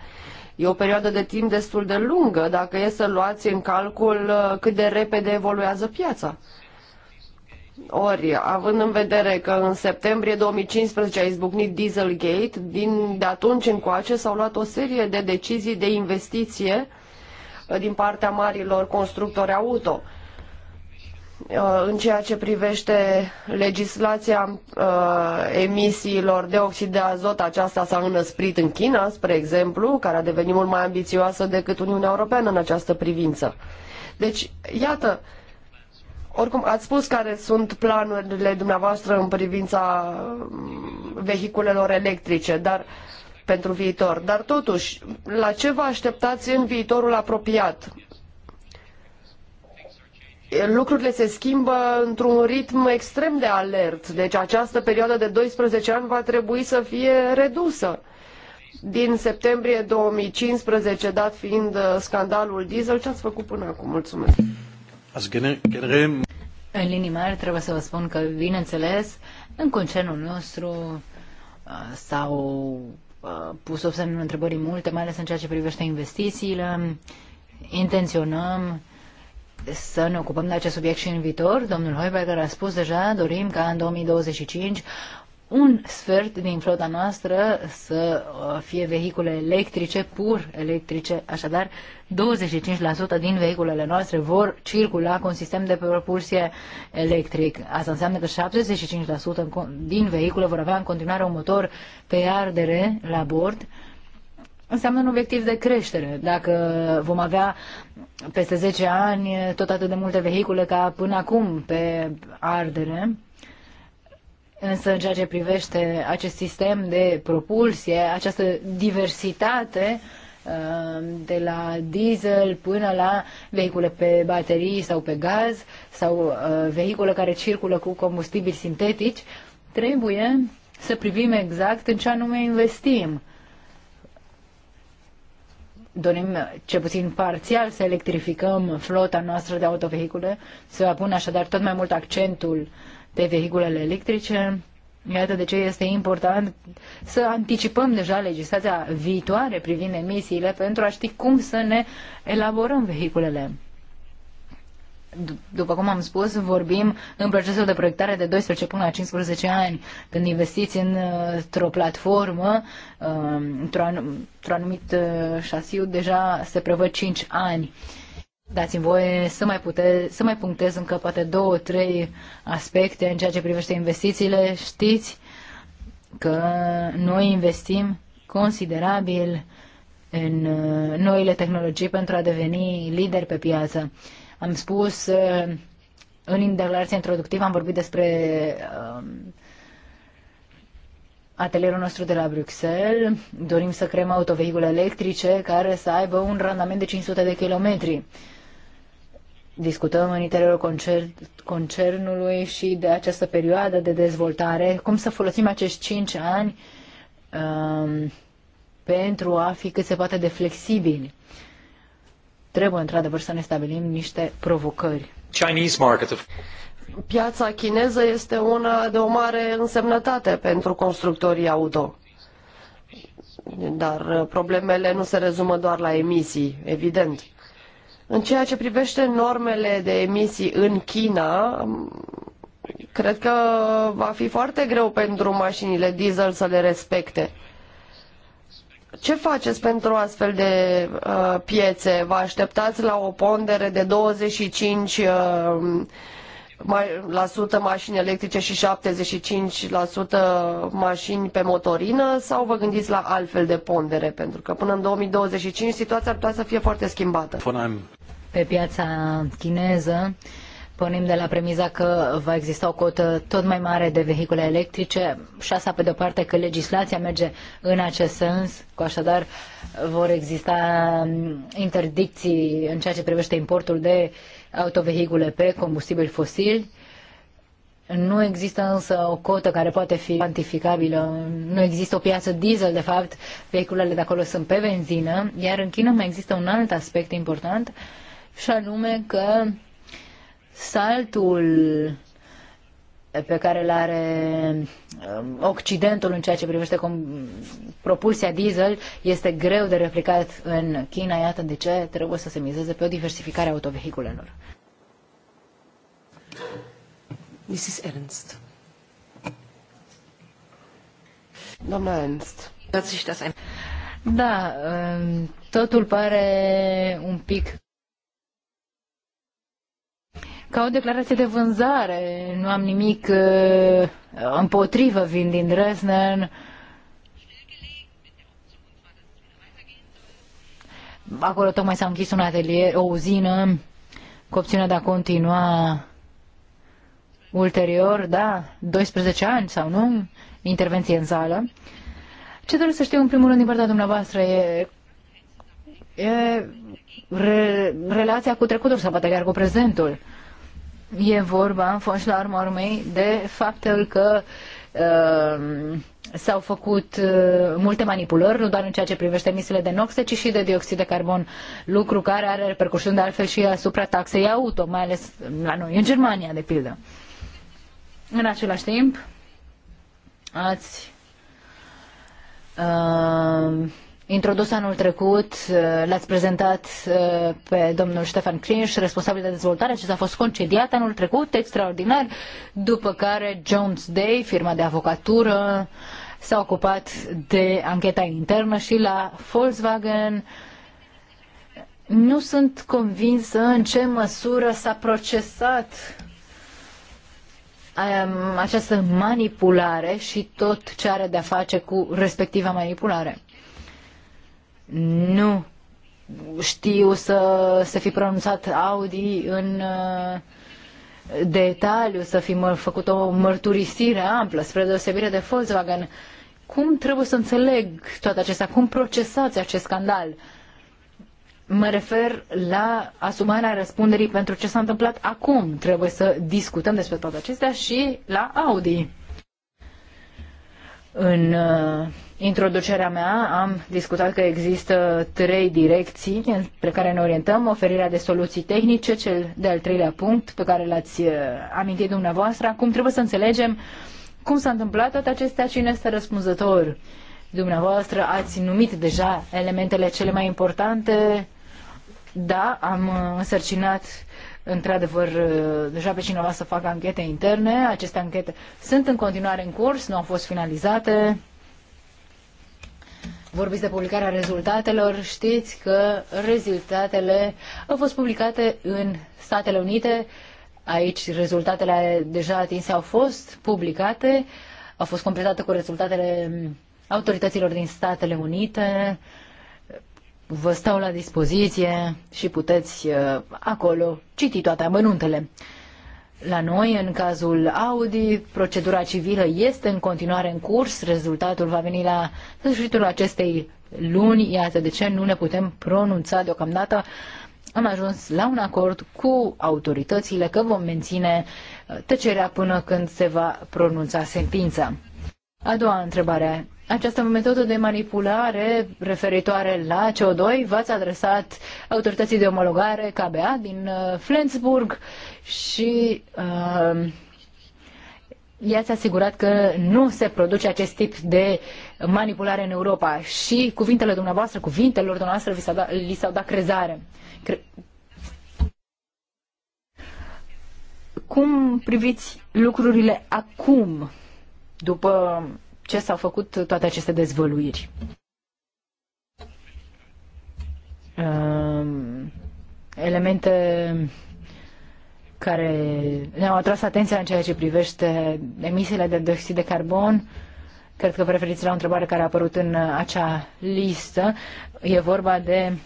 E o perioadă de timp destul de lungă dacă e să luați în calcul uh, cât de repede evoluează piața. Ori, având în vedere că în septembrie 2015 a izbucnit Dieselgate, din de atunci încoace s-au luat o serie de decizii de investiție uh, din partea marilor constructori auto. Uh, în ceea ce privește legislația uh, emisiilor de oxid de azot, aceasta s-a înăsprit în China, spre exemplu, care a devenit mult mai ambițioasă decât Uniunea Europeană în această privință. Deci, iată, oricum, ați spus care sunt planurile dumneavoastră în privința mm, vehiculelor electrice, dar pentru viitor. Dar totuși, la ce vă așteptați în viitorul apropiat? lucrurile se schimbă într-un ritm extrem de alert. Deci această perioadă de 12 ani va trebui să fie redusă. Din septembrie 2015, dat fiind uh, scandalul diesel, ce ați făcut până acum? Mulțumesc! În linii mari trebuie să vă spun că, bineînțeles, în concernul nostru uh, s-au uh, pus o semnul întrebării multe, mai ales în ceea ce privește investițiile. Intenționăm să ne ocupăm de acest subiect și în viitor. Domnul Hoiberger a spus deja, dorim ca în 2025 un sfert din flota noastră să uh, fie vehicule electrice, pur electrice, așadar 25% din vehiculele noastre vor circula cu un sistem de propulsie electric. Asta înseamnă că 75% din vehicule vor avea în continuare un motor pe ardere la bord, înseamnă un obiectiv de creștere. Dacă vom avea peste 10 ani tot atât de multe vehicule ca până acum pe ardere, Însă, în ceea ce privește acest sistem de propulsie, această diversitate uh, de la diesel până la vehicule pe baterii sau pe gaz sau uh, vehicule care circulă cu combustibili sintetici, trebuie să privim exact în ce anume investim dorim ce puțin parțial să electrificăm flota noastră de autovehicule, să va pune așadar tot mai mult accentul pe vehiculele electrice. Iată de ce este important să anticipăm deja legislația viitoare privind emisiile pentru a ști cum să ne elaborăm vehiculele după cum am spus, vorbim în procesul de proiectare de 12 până la 15 ani, când investiți uh, într-o platformă, uh, într-un anumit uh, șasiu, deja se prevăd 5 ani. Dați-mi voie să mai, pute, să mai punctez încă poate două, trei aspecte în ceea ce privește investițiile. Știți că noi investim considerabil în noile tehnologii pentru a deveni lideri pe piață. Am spus uh, în declarația introductivă, am vorbit despre um, atelierul nostru de la Bruxelles. Dorim să creăm autovehicule electrice care să aibă un randament de 500 de kilometri. Discutăm în interiorul concernului și de această perioadă de dezvoltare, cum să folosim acești 5 ani um, pentru a fi cât se poate de flexibili trebuie într-adevăr să ne stabilim niște provocări. Chinese market of... Piața chineză este una de o mare însemnătate pentru constructorii auto. Dar uh, problemele nu se rezumă doar la emisii, evident. În ceea ce privește normele de emisii în China, cred că va fi foarte greu pentru mașinile diesel să le respecte. Ce faceți pentru astfel de uh, piețe? Vă așteptați la o pondere de 25 uh, la sută mașini electrice și 75% mașini pe motorină sau vă gândiți la altfel de pondere? Pentru că până în 2025 situația ar putea să fie foarte schimbată. Pe piața chineză pornim de la premiza că va exista o cotă tot mai mare de vehicule electrice și asta pe de-o parte că legislația merge în acest sens, cu așadar vor exista um, interdicții în ceea ce privește importul de autovehicule pe combustibili fosili. Nu există însă o cotă care poate fi cuantificabilă. Nu există o piață diesel, de fapt, vehiculele de acolo sunt pe benzină, iar în China mai există un alt aspect important, și anume că saltul pe care îl are um, Occidentul în ceea ce privește propulsia diesel este greu de replicat în China. Iată de ce trebuie să se mizeze pe o diversificare a autovehiculelor. Mrs. Ernst. Doamna Ernst. Da, um, totul pare un pic ca o declarație de vânzare. Nu am nimic uh, împotrivă, vin din Dresden. Acolo tocmai s-a închis un atelier, o uzină, cu opțiunea de a continua ulterior, da, 12 ani sau nu, intervenție în sală. Ce doresc să știu în primul rând din partea dumneavoastră e, e re, relația cu trecutul sau poate chiar cu prezentul. E vorba, în fond la urma urmei, de faptul că uh, s-au făcut uh, multe manipulări, nu doar în ceea ce privește emisiile de noxe, ci și de dioxid de carbon, lucru care are repercusiuni de altfel și asupra taxei auto, mai ales la noi, în Germania, de pildă. În același timp, ați uh, introdus anul trecut, uh, l-ați prezentat uh, pe domnul Ștefan Crinș, responsabil de dezvoltare, acesta a fost concediat anul trecut, extraordinar, după care Jones Day, firma de avocatură, s-a ocupat de ancheta internă și la Volkswagen nu sunt convinsă în ce măsură s-a procesat um, această manipulare și tot ce are de-a face cu respectiva manipulare. Nu știu să, să fi pronunțat Audi în uh, detaliu, să fi făcut o mărturisire amplă, spre deosebire de Volkswagen. Cum trebuie să înțeleg toate acestea? Cum procesați acest scandal? Mă refer la asumarea răspunderii pentru ce s-a întâmplat acum. Trebuie să discutăm despre toate acestea și la Audi. În uh, introducerea mea am discutat că există trei direcții pe care ne orientăm, oferirea de soluții tehnice, cel de-al treilea punct pe care l-ați uh, amintit dumneavoastră. Acum trebuie să înțelegem cum s-a întâmplat toate acestea, cine este răspunzător. Dumneavoastră ați numit deja elementele cele mai importante. Da, am uh, însărcinat într-adevăr uh, deja pe cineva să facă anchete interne. Aceste anchete sunt în continuare în curs, nu au fost finalizate vorbiți de publicarea rezultatelor, știți că rezultatele au fost publicate în Statele Unite. Aici rezultatele deja atinse au fost publicate, au fost completate cu rezultatele autorităților din Statele Unite. Vă stau la dispoziție și puteți uh, acolo citi toate amănuntele. La noi, în cazul Audi, procedura civilă este în continuare în curs, rezultatul va veni la sfârșitul acestei luni, iată de ce nu ne putem pronunța deocamdată. Am ajuns la un acord cu autoritățile că vom menține uh, tăcerea până când se va pronunța sentința. A doua întrebare această metodă de manipulare referitoare la CO2 v-ați adresat autorității de omologare KBA din uh, Flensburg și uh, i-ați asigurat că nu se produce acest tip de manipulare în Europa și cuvintele dumneavoastră, cuvintelor dumneavoastră vi s-au dat, li s-au dat crezare. Cre- Cum priviți lucrurile acum, după ce s-au făcut toate aceste dezvăluiri. Ehm, elemente care ne-au atras atenția în ceea ce privește emisiile de dioxid de carbon. Cred că vă referiți la o întrebare care a apărut în acea listă. E vorba de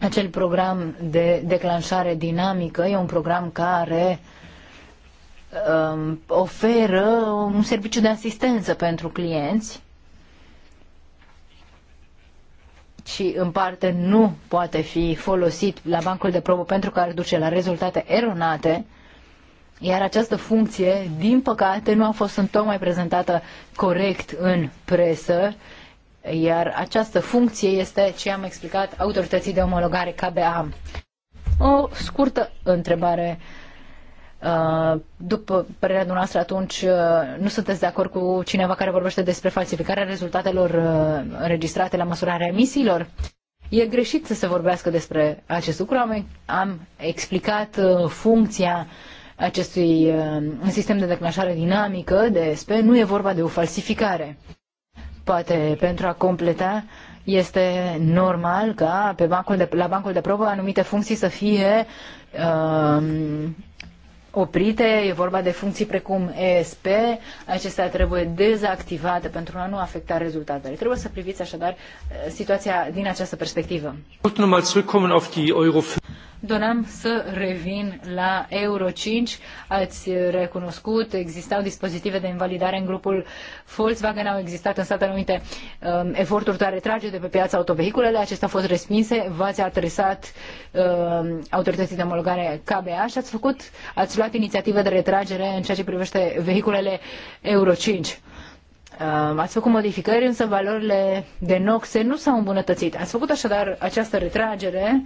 acel program de declanșare dinamică. E un program care uh, um, oferă un serviciu de asistență pentru clienți și în parte nu poate fi folosit la bancul de probă pentru că ar duce la rezultate eronate, iar această funcție, din păcate, nu a fost întocmai prezentată corect în presă, iar această funcție este ce am explicat autorității de omologare KBA. O scurtă întrebare Uh, după părerea noastră atunci uh, nu sunteți de acord cu cineva care vorbește despre falsificarea rezultatelor uh, înregistrate la măsurarea emisiilor? E greșit să se vorbească despre acest lucru. Am, am explicat funcția acestui sistem de declanșare dinamică de SP. Nu e vorba de o falsificare. Poate pentru a completa, este normal ca pe bancul de, la bancul de probă anumite funcții să fie uh, oprite, e vorba de funcții precum ESP, acestea trebuie dezactivate pentru a nu afecta rezultatele. Trebuie să priviți așadar eh, situația din această perspectivă. Doream să revin la Euro 5. Ați recunoscut, existau dispozitive de invalidare în grupul Volkswagen, au existat în Statele Unite um, eforturi de a retrage de pe piața autovehiculele, acestea au fost respinse, v-ați adresat um, autorității de omologare KBA și ați făcut, ați luat inițiative de retragere în ceea ce privește vehiculele Euro 5. Um, ați făcut modificări, însă valorile de noxe nu s-au îmbunătățit. Ați făcut așadar această retragere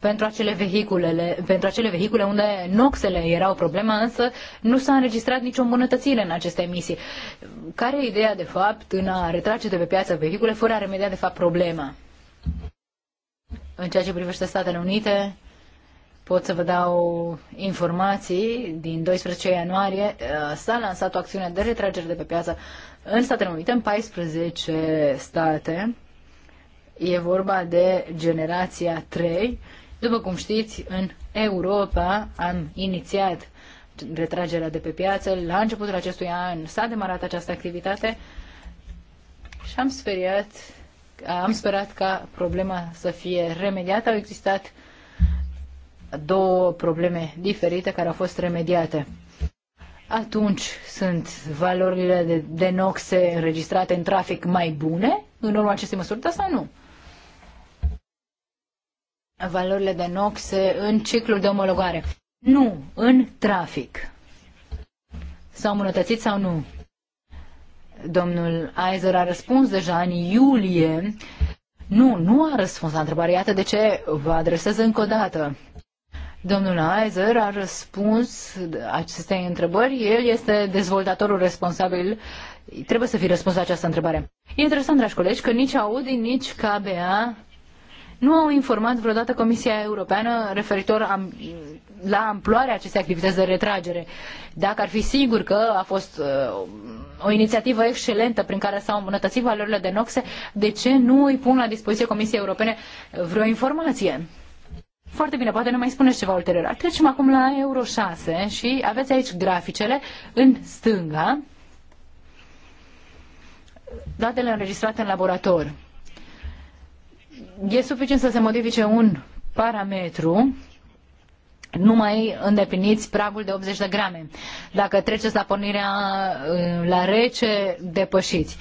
pentru acele, vehiculele, pentru acele vehicule unde noxele erau problema, însă nu s-a înregistrat nicio îmbunătățire în aceste emisii. Care e ideea, de fapt, în a retrage de pe piață vehicule fără a remedia, de fapt, problema? În ceea ce privește Statele Unite, pot să vă dau informații, din 12 ianuarie uh, s-a lansat o acțiune de retragere de pe piață în Statele Unite, în 14 state. E vorba de generația 3 după cum știți, în Europa am inițiat retragerea de pe piață. La începutul acestui an s-a demarat această activitate și am speriat, am sperat ca problema să fie remediată. Au existat două probleme diferite care au fost remediate. Atunci sunt valorile de, de noxe înregistrate în trafic mai bune în urma acestei măsuri, dar sau nu? valorile de NOx în ciclul de omologare. Nu, în trafic. S-au îmbunătățit sau nu? Domnul Aizer a răspuns deja în iulie. Nu, nu a răspuns la întrebare. Iată de ce vă adresez încă o dată. Domnul Aizer a răspuns acestei întrebări. El este dezvoltatorul responsabil. Trebuie să fi răspuns la această întrebare. E interesant, dragi colegi, că nici Audi, nici KBA nu au informat vreodată Comisia Europeană referitor la amploarea acestei activități de retragere. Dacă ar fi sigur că a fost uh, o inițiativă excelentă prin care s-au îmbunătățit valorile de noxe, de ce nu îi pun la dispoziție Comisiei Europene vreo informație? Foarte bine, poate ne mai spuneți ceva ulterior. Trecem acum la Euro 6 și aveți aici graficele în stânga, datele înregistrate în laborator e suficient să se modifice un parametru nu mai îndepliniți pragul de 80 de grame. Dacă treceți la pornirea la rece, depășiți.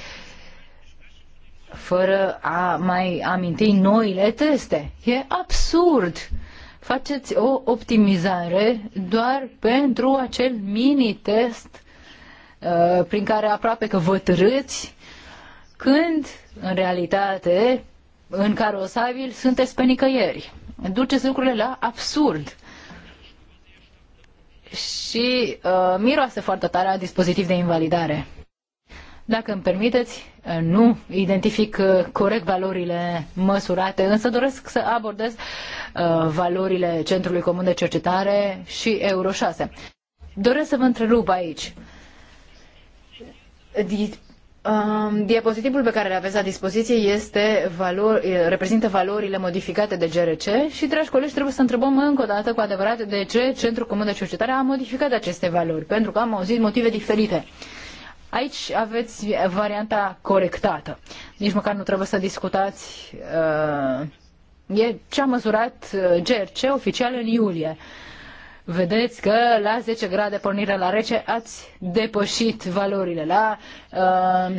Fără a mai aminti noile teste. E absurd! Faceți o optimizare doar pentru acel mini-test uh, prin care aproape că vă târâți, când, în realitate, în carosabil sunteți pe nicăieri. Duceți lucrurile la absurd. Și uh, miroase foarte tare a dispozitiv de invalidare. Dacă îmi permiteți, uh, nu identific uh, corect valorile măsurate, însă doresc să abordez uh, valorile Centrului Comun de Cercetare și Euro 6. Doresc să vă întrerup aici Um, diapozitivul pe care îl aveți la dispoziție este valor, reprezintă valorile modificate de GRC și, dragi colegi, trebuie să întrebăm încă o dată cu adevărat de ce Centrul Comun de Cercetare a modificat aceste valori, pentru că am auzit motive diferite. Aici aveți varianta corectată. Nici măcar nu trebuie să discutați. Uh, e ce a măsurat uh, GRC oficial în iulie. Uh, vedeți că la 10 grade pornire la rece ați depășit valorile. La uh,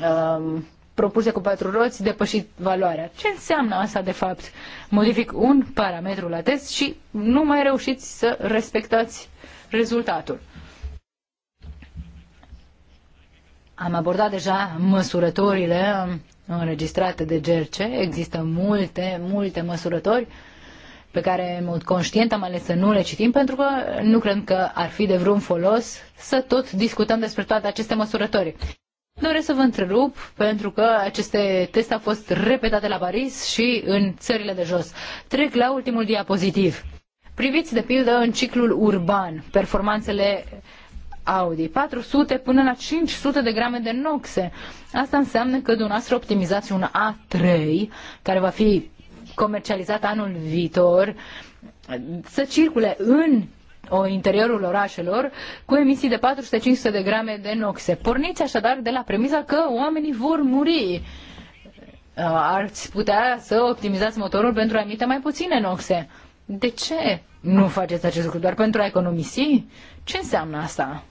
uh, propuse cu patru roți, depășit valoarea. Ce înseamnă asta, de fapt? Modific un parametru la test și nu mai reușiți să respectați rezultatul. Am abordat deja măsurătorile um, înregistrate de GRC. Există multe, multe măsurători. Uh, pe care în mod conștient am ales să nu le citim pentru că nu cred că ar fi de vreun folos să tot discutăm despre toate aceste măsurători. Doresc să vă întrerup pentru că aceste teste au fost repetate la Paris și în țările de jos. Trec la ultimul diapozitiv. Priviți de pildă în ciclul urban performanțele Audi, 400 până la 500 de grame de noxe. Asta înseamnă că dumneavoastră optimizați un A3 care va fi comercializat anul viitor, să circule în o interiorul orașelor cu emisii de 400-500 de grame de noxe. Porniți așadar de la premisa că oamenii vor muri. Uh, ați putea să optimizați motorul pentru a emite mai puține noxe. De ce nu faceți acest lucru? Doar pentru a economisi? Ce înseamnă asta?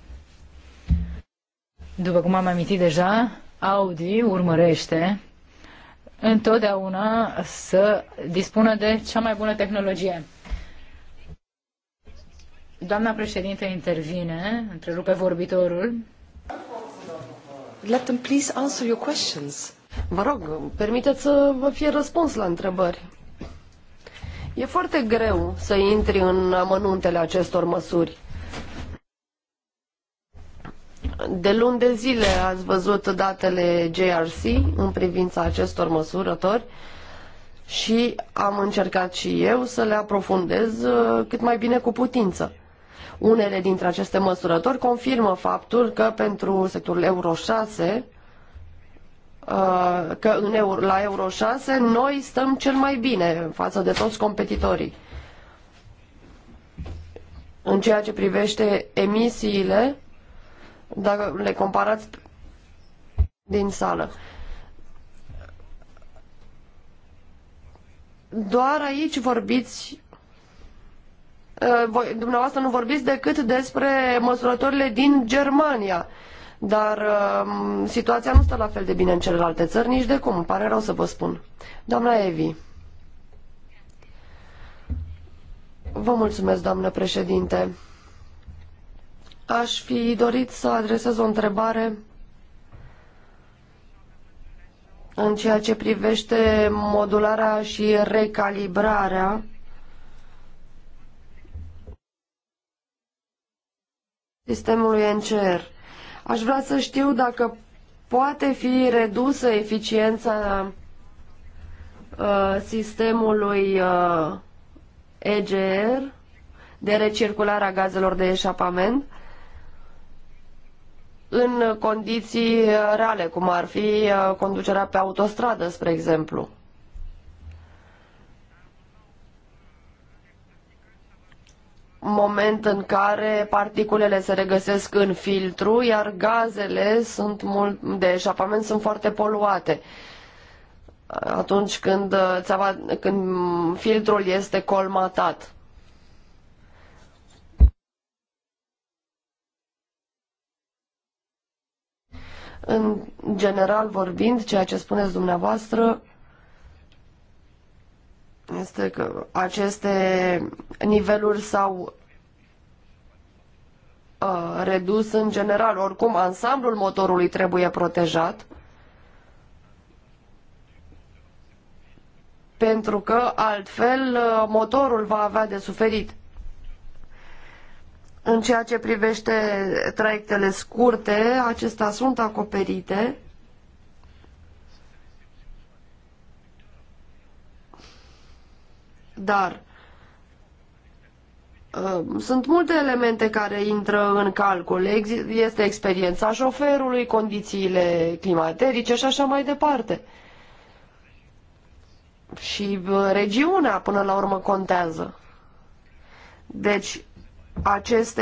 După cum am amintit deja, Audi urmărește întotdeauna să dispună de cea mai bună tehnologie. Doamna președinte intervine, întrerupe vorbitorul. Let them please answer your questions. Vă rog, permiteți să vă fie răspuns la întrebări. E foarte greu să intri în amănuntele acestor măsuri. De luni de zile ați văzut datele JRC în privința acestor măsurători și am încercat și eu să le aprofundez uh, cât mai bine cu putință. Unele dintre aceste măsurători confirmă faptul că pentru sectorul Euro 6, uh, că în Euro, la Euro 6 noi stăm cel mai bine față de toți competitorii. În ceea ce privește emisiile, dacă le comparați din sală. Doar aici vorbiți uh, voi, dumneavoastră nu vorbiți decât despre măsurătorile din Germania. Dar um, situația nu stă la fel de bine în celelalte țări, nici de cum. Pare rău să vă spun. Doamna Evi. Vă mulțumesc, doamnă președinte. Aș fi dorit să adresez o întrebare în ceea ce privește modularea și recalibrarea sistemului NCR. Aș vrea să știu dacă poate fi redusă eficiența uh, sistemului uh, EGR de recirculare a gazelor de eșapament în condiții uh, reale, cum ar fi uh, conducerea pe autostradă, spre exemplu. moment în care particulele se regăsesc în filtru, iar gazele sunt mult, de eșapament sunt foarte poluate. Atunci când, uh, când filtrul este colmatat. în general vorbind, ceea ce spuneți dumneavoastră este că aceste niveluri s-au uh, redus în general. Oricum, ansamblul motorului trebuie protejat pentru că altfel uh, motorul va avea de suferit. În ceea ce privește traiectele scurte, acestea sunt acoperite. Dar uh, sunt multe elemente care intră în calcul. Este experiența șoferului, condițiile climaterice și așa mai departe. Și uh, regiunea, până la urmă, contează. Deci, aceste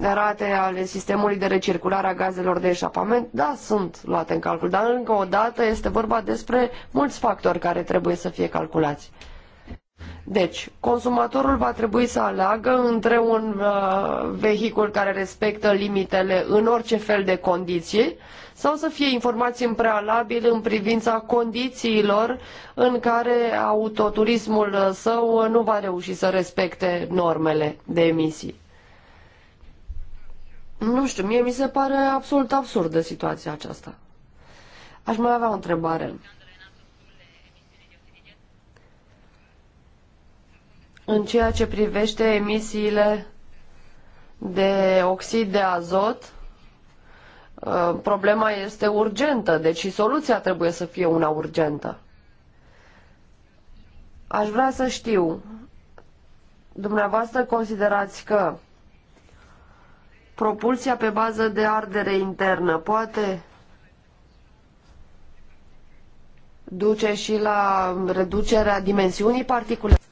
rate ale sistemului de recirculare a gazelor de eșapament, da, sunt luate în calcul, dar încă o dată este vorba despre mulți factori care trebuie să fie calculați. Deci, consumatorul va trebui să aleagă între un uh, vehicul care respectă limitele în orice fel de condiții sau să fie informații în prealabil în privința condițiilor în care autoturismul uh, său uh, nu va reuși să respecte normele de emisii. Nu știu, mie mi se pare absolut absurdă situația aceasta. Aș mai avea o întrebare. în ceea ce privește emisiile de oxid de azot, uh, problema este urgentă, deci și soluția trebuie să fie una urgentă. Aș vrea să știu, dumneavoastră considerați că propulsia pe bază de ardere internă poate duce și la reducerea dimensiunii particulelor?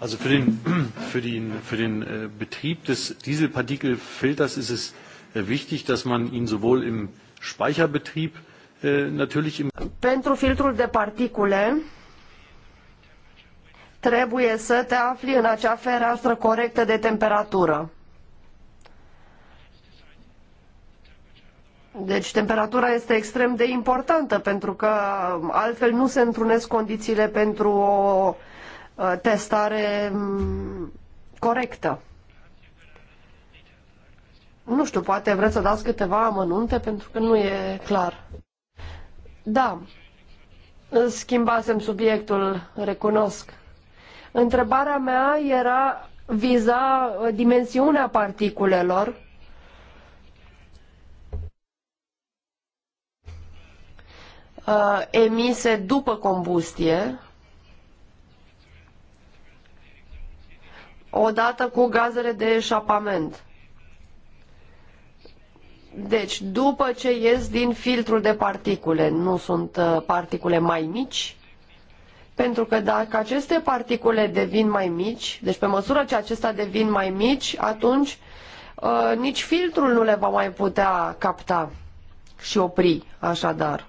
Also für den, für den, für den äh, Betrieb des Dieselpartikelfilters ist es äh, wichtig, dass man ihn sowohl im Speicherbetrieb äh, natürlich im Pentru filtrul de particule trebuie să te afli în acea fereastră corectă de temperatură. Deci temperatura este extrem de importantă pentru că altfel nu se întrunesc condițiile pentru o uh, Uh, testare mm, corectă. Nu știu, poate vreți să dați câteva amănunte pentru că nu e clar. Da, schimbasem subiectul, recunosc. Întrebarea mea era viza uh, dimensiunea particulelor uh, emise după combustie odată cu gazele de eșapament. Deci, după ce ies din filtrul de particule, nu sunt uh, particule mai mici, pentru că dacă aceste particule devin mai mici, deci pe măsură ce acestea devin mai mici, atunci uh, nici filtrul nu le va mai putea capta și opri, așadar.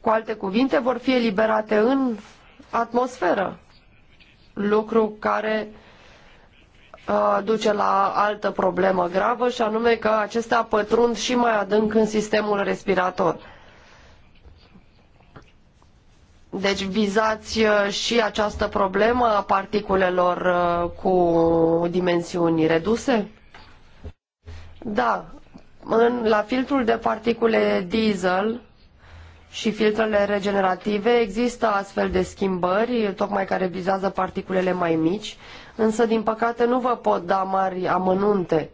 Cu alte cuvinte, vor fi eliberate în atmosferă lucru care uh, duce la altă problemă gravă și anume că acestea pătrund și mai adânc în sistemul respirator. Deci vizați uh, și această problemă a particulelor uh, cu dimensiuni reduse? Da, în, la filtrul de particule diesel și filtrele regenerative. Există astfel de schimbări, tocmai care vizează particulele mai mici, însă din păcate nu vă pot da mari amănunte.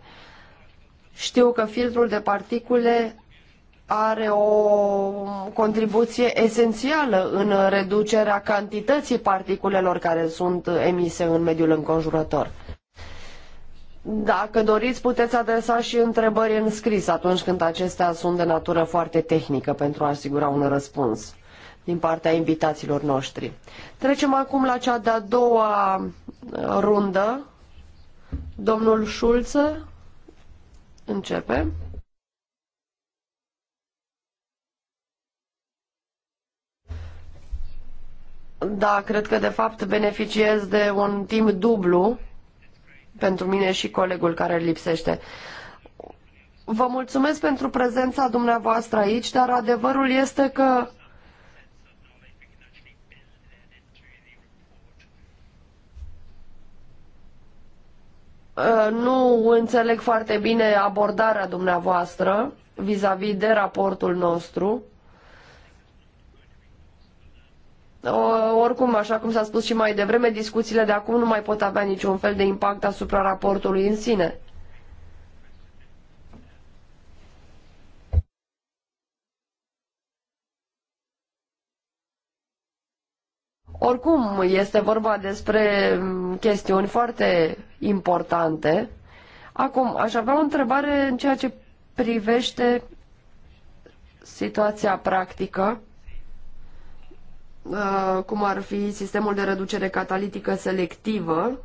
Știu că filtrul de particule are o contribuție esențială în reducerea cantității particulelor care sunt emise în mediul înconjurător. Dacă doriți, puteți adresa și întrebări în scris atunci când acestea sunt de natură foarte tehnică pentru a asigura un răspuns din partea invitaților noștri. Trecem acum la cea de-a doua uh, rundă. Domnul Șulță începe. Da, cred că de fapt beneficiez de un timp dublu pentru mine și colegul care lipsește. Vă mulțumesc pentru prezența dumneavoastră aici, dar adevărul este că uh, nu înțeleg foarte bine abordarea dumneavoastră vis-a-vis -vis de raportul nostru. Oricum, așa cum s-a spus și mai devreme, discuțiile de acum nu mai pot avea niciun fel de impact asupra raportului în sine. Oricum, este vorba despre chestiuni foarte importante. Acum, aș avea o întrebare în ceea ce privește situația practică. Uh, cum ar fi sistemul de reducere catalitică selectivă,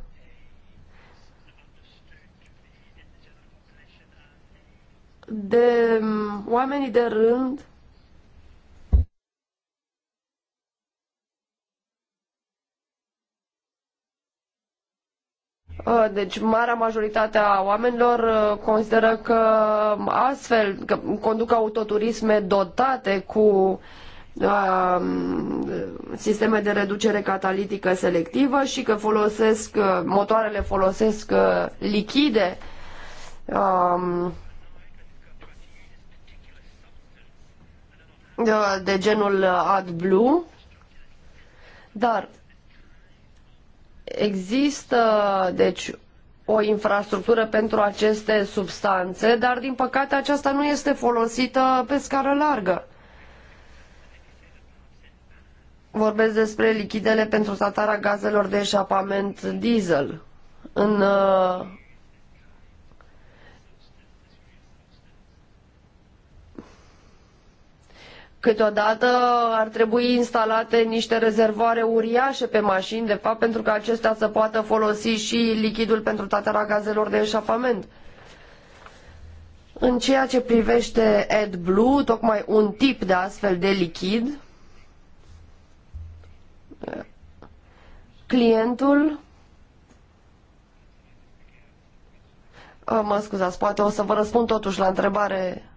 de um, oamenii de rând uh, Deci, marea majoritate a oamenilor uh, consideră că um, astfel că conduc autoturisme dotate cu Um, sisteme de reducere catalitică selectivă și că folosesc, uh, motoarele folosesc uh, lichide um, de genul AdBlue, dar există deci o infrastructură pentru aceste substanțe, dar din păcate aceasta nu este folosită pe scară largă. Vorbesc despre lichidele pentru tratarea gazelor de eșapament diesel. În uh, Câteodată ar trebui instalate niște rezervoare uriașe pe mașini, de fapt, pentru că acestea să poată folosi și lichidul pentru tratarea gazelor de eșapament. În ceea ce privește AdBlue, tocmai un tip de astfel de lichid, clientul mă scuzați, poate o să vă răspund totuși la întrebare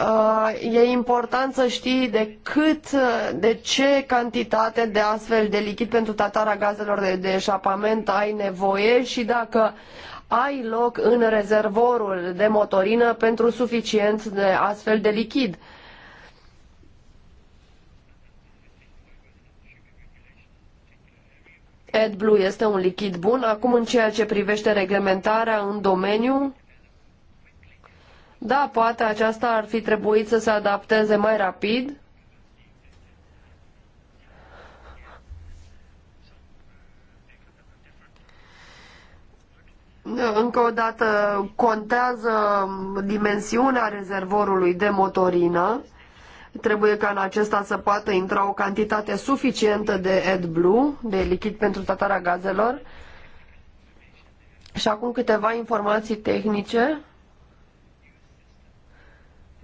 Uh, e important să știi de cât, uh, de ce cantitate de astfel de lichid pentru tratarea gazelor de, de eșapament ai nevoie și dacă ai loc în rezervorul de motorină pentru suficient de astfel de lichid. AdBlue este un lichid bun. Acum, în ceea ce privește reglementarea în domeniu, da, poate aceasta ar fi trebuit să se adapteze mai rapid. Încă o dată contează dimensiunea rezervorului de motorină. Trebuie ca în acesta să poată intra o cantitate suficientă de AdBlue, de lichid pentru tratarea gazelor. Și acum câteva informații tehnice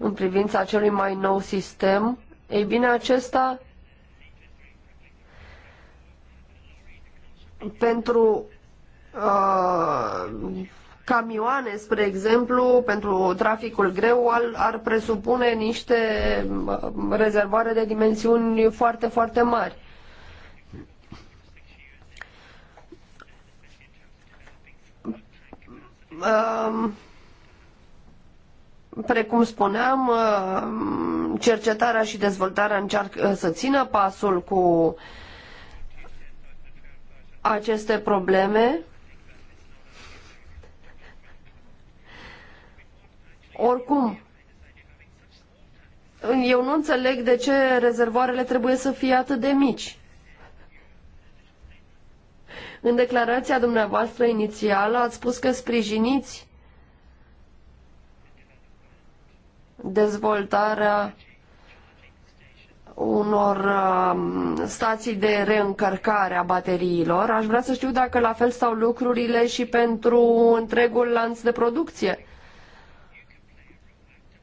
în privința acelui mai nou sistem, ei bine, acesta pentru uh, camioane, spre exemplu, pentru traficul greu, ar, ar presupune niște uh, rezervare de dimensiuni foarte, foarte mari. Um, uh, Precum spuneam, uh, cercetarea și dezvoltarea încearcă uh, să țină pasul cu aceste probleme. Oricum, eu nu înțeleg de ce rezervoarele trebuie să fie atât de mici. În declarația dumneavoastră inițială ați spus că sprijiniți dezvoltarea unor um, stații de reîncărcare a bateriilor. Aș vrea să știu dacă la fel stau lucrurile și pentru întregul lanț de producție.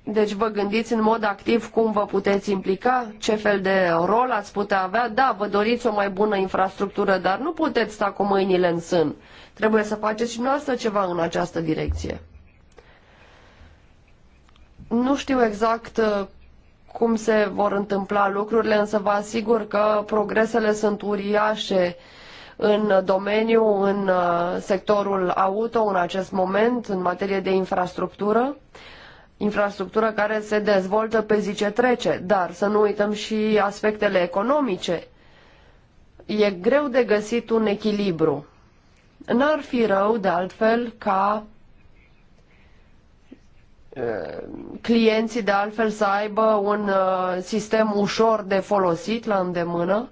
Deci vă gândiți în mod activ cum vă puteți implica, ce fel de rol ați putea avea. Da, vă doriți o mai bună infrastructură, dar nu puteți sta cu mâinile în sân. Trebuie să faceți și noastră ceva în această direcție. Nu știu exact uh, cum se vor întâmpla lucrurile, însă vă asigur că progresele sunt uriașe în domeniu, în uh, sectorul auto în acest moment, în materie de infrastructură, infrastructură care se dezvoltă pe zi ce trece, dar să nu uităm și aspectele economice. E greu de găsit un echilibru. N-ar fi rău, de altfel, ca Eh, clienții de altfel să aibă un eh, sistem ușor de folosit la îndemână?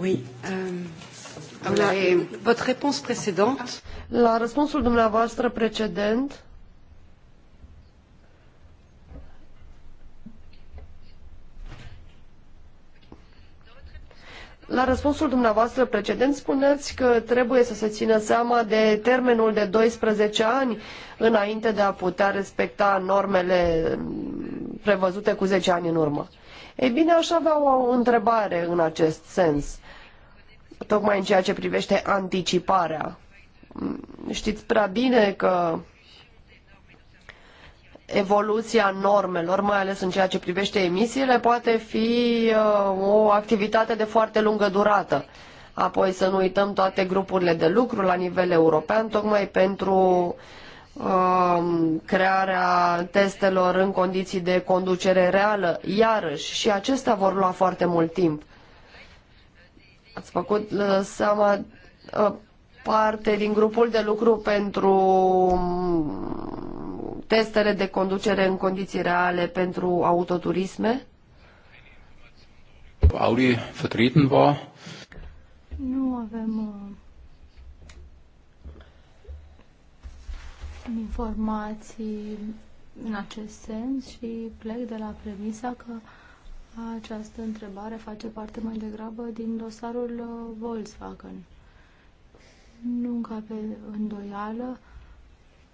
Oui. Um, la, votre réponse précédente. La răspunsul dumneavoastră precedent, La răspunsul dumneavoastră precedent spuneți că trebuie să se țină seama de termenul de 12 ani înainte de a putea respecta normele prevăzute cu 10 ani în urmă. Ei bine, aș avea o întrebare în acest sens, tocmai în ceea ce privește anticiparea. Știți prea bine că evoluția normelor, mai ales în ceea ce privește emisiile, poate fi uh, o activitate de foarte lungă durată. Apoi să nu uităm toate grupurile de lucru la nivel european, tocmai pentru uh, crearea testelor în condiții de conducere reală, iarăși, și acestea vor lua foarte mult timp. Ați făcut uh, seama parte din grupul de lucru pentru testele de conducere în condiții reale pentru autoturisme? Audi vertreten war. Nu avem uh, informații în acest sens și plec de la premisa că această întrebare face parte mai degrabă din dosarul uh, Volkswagen. Nu încape îndoială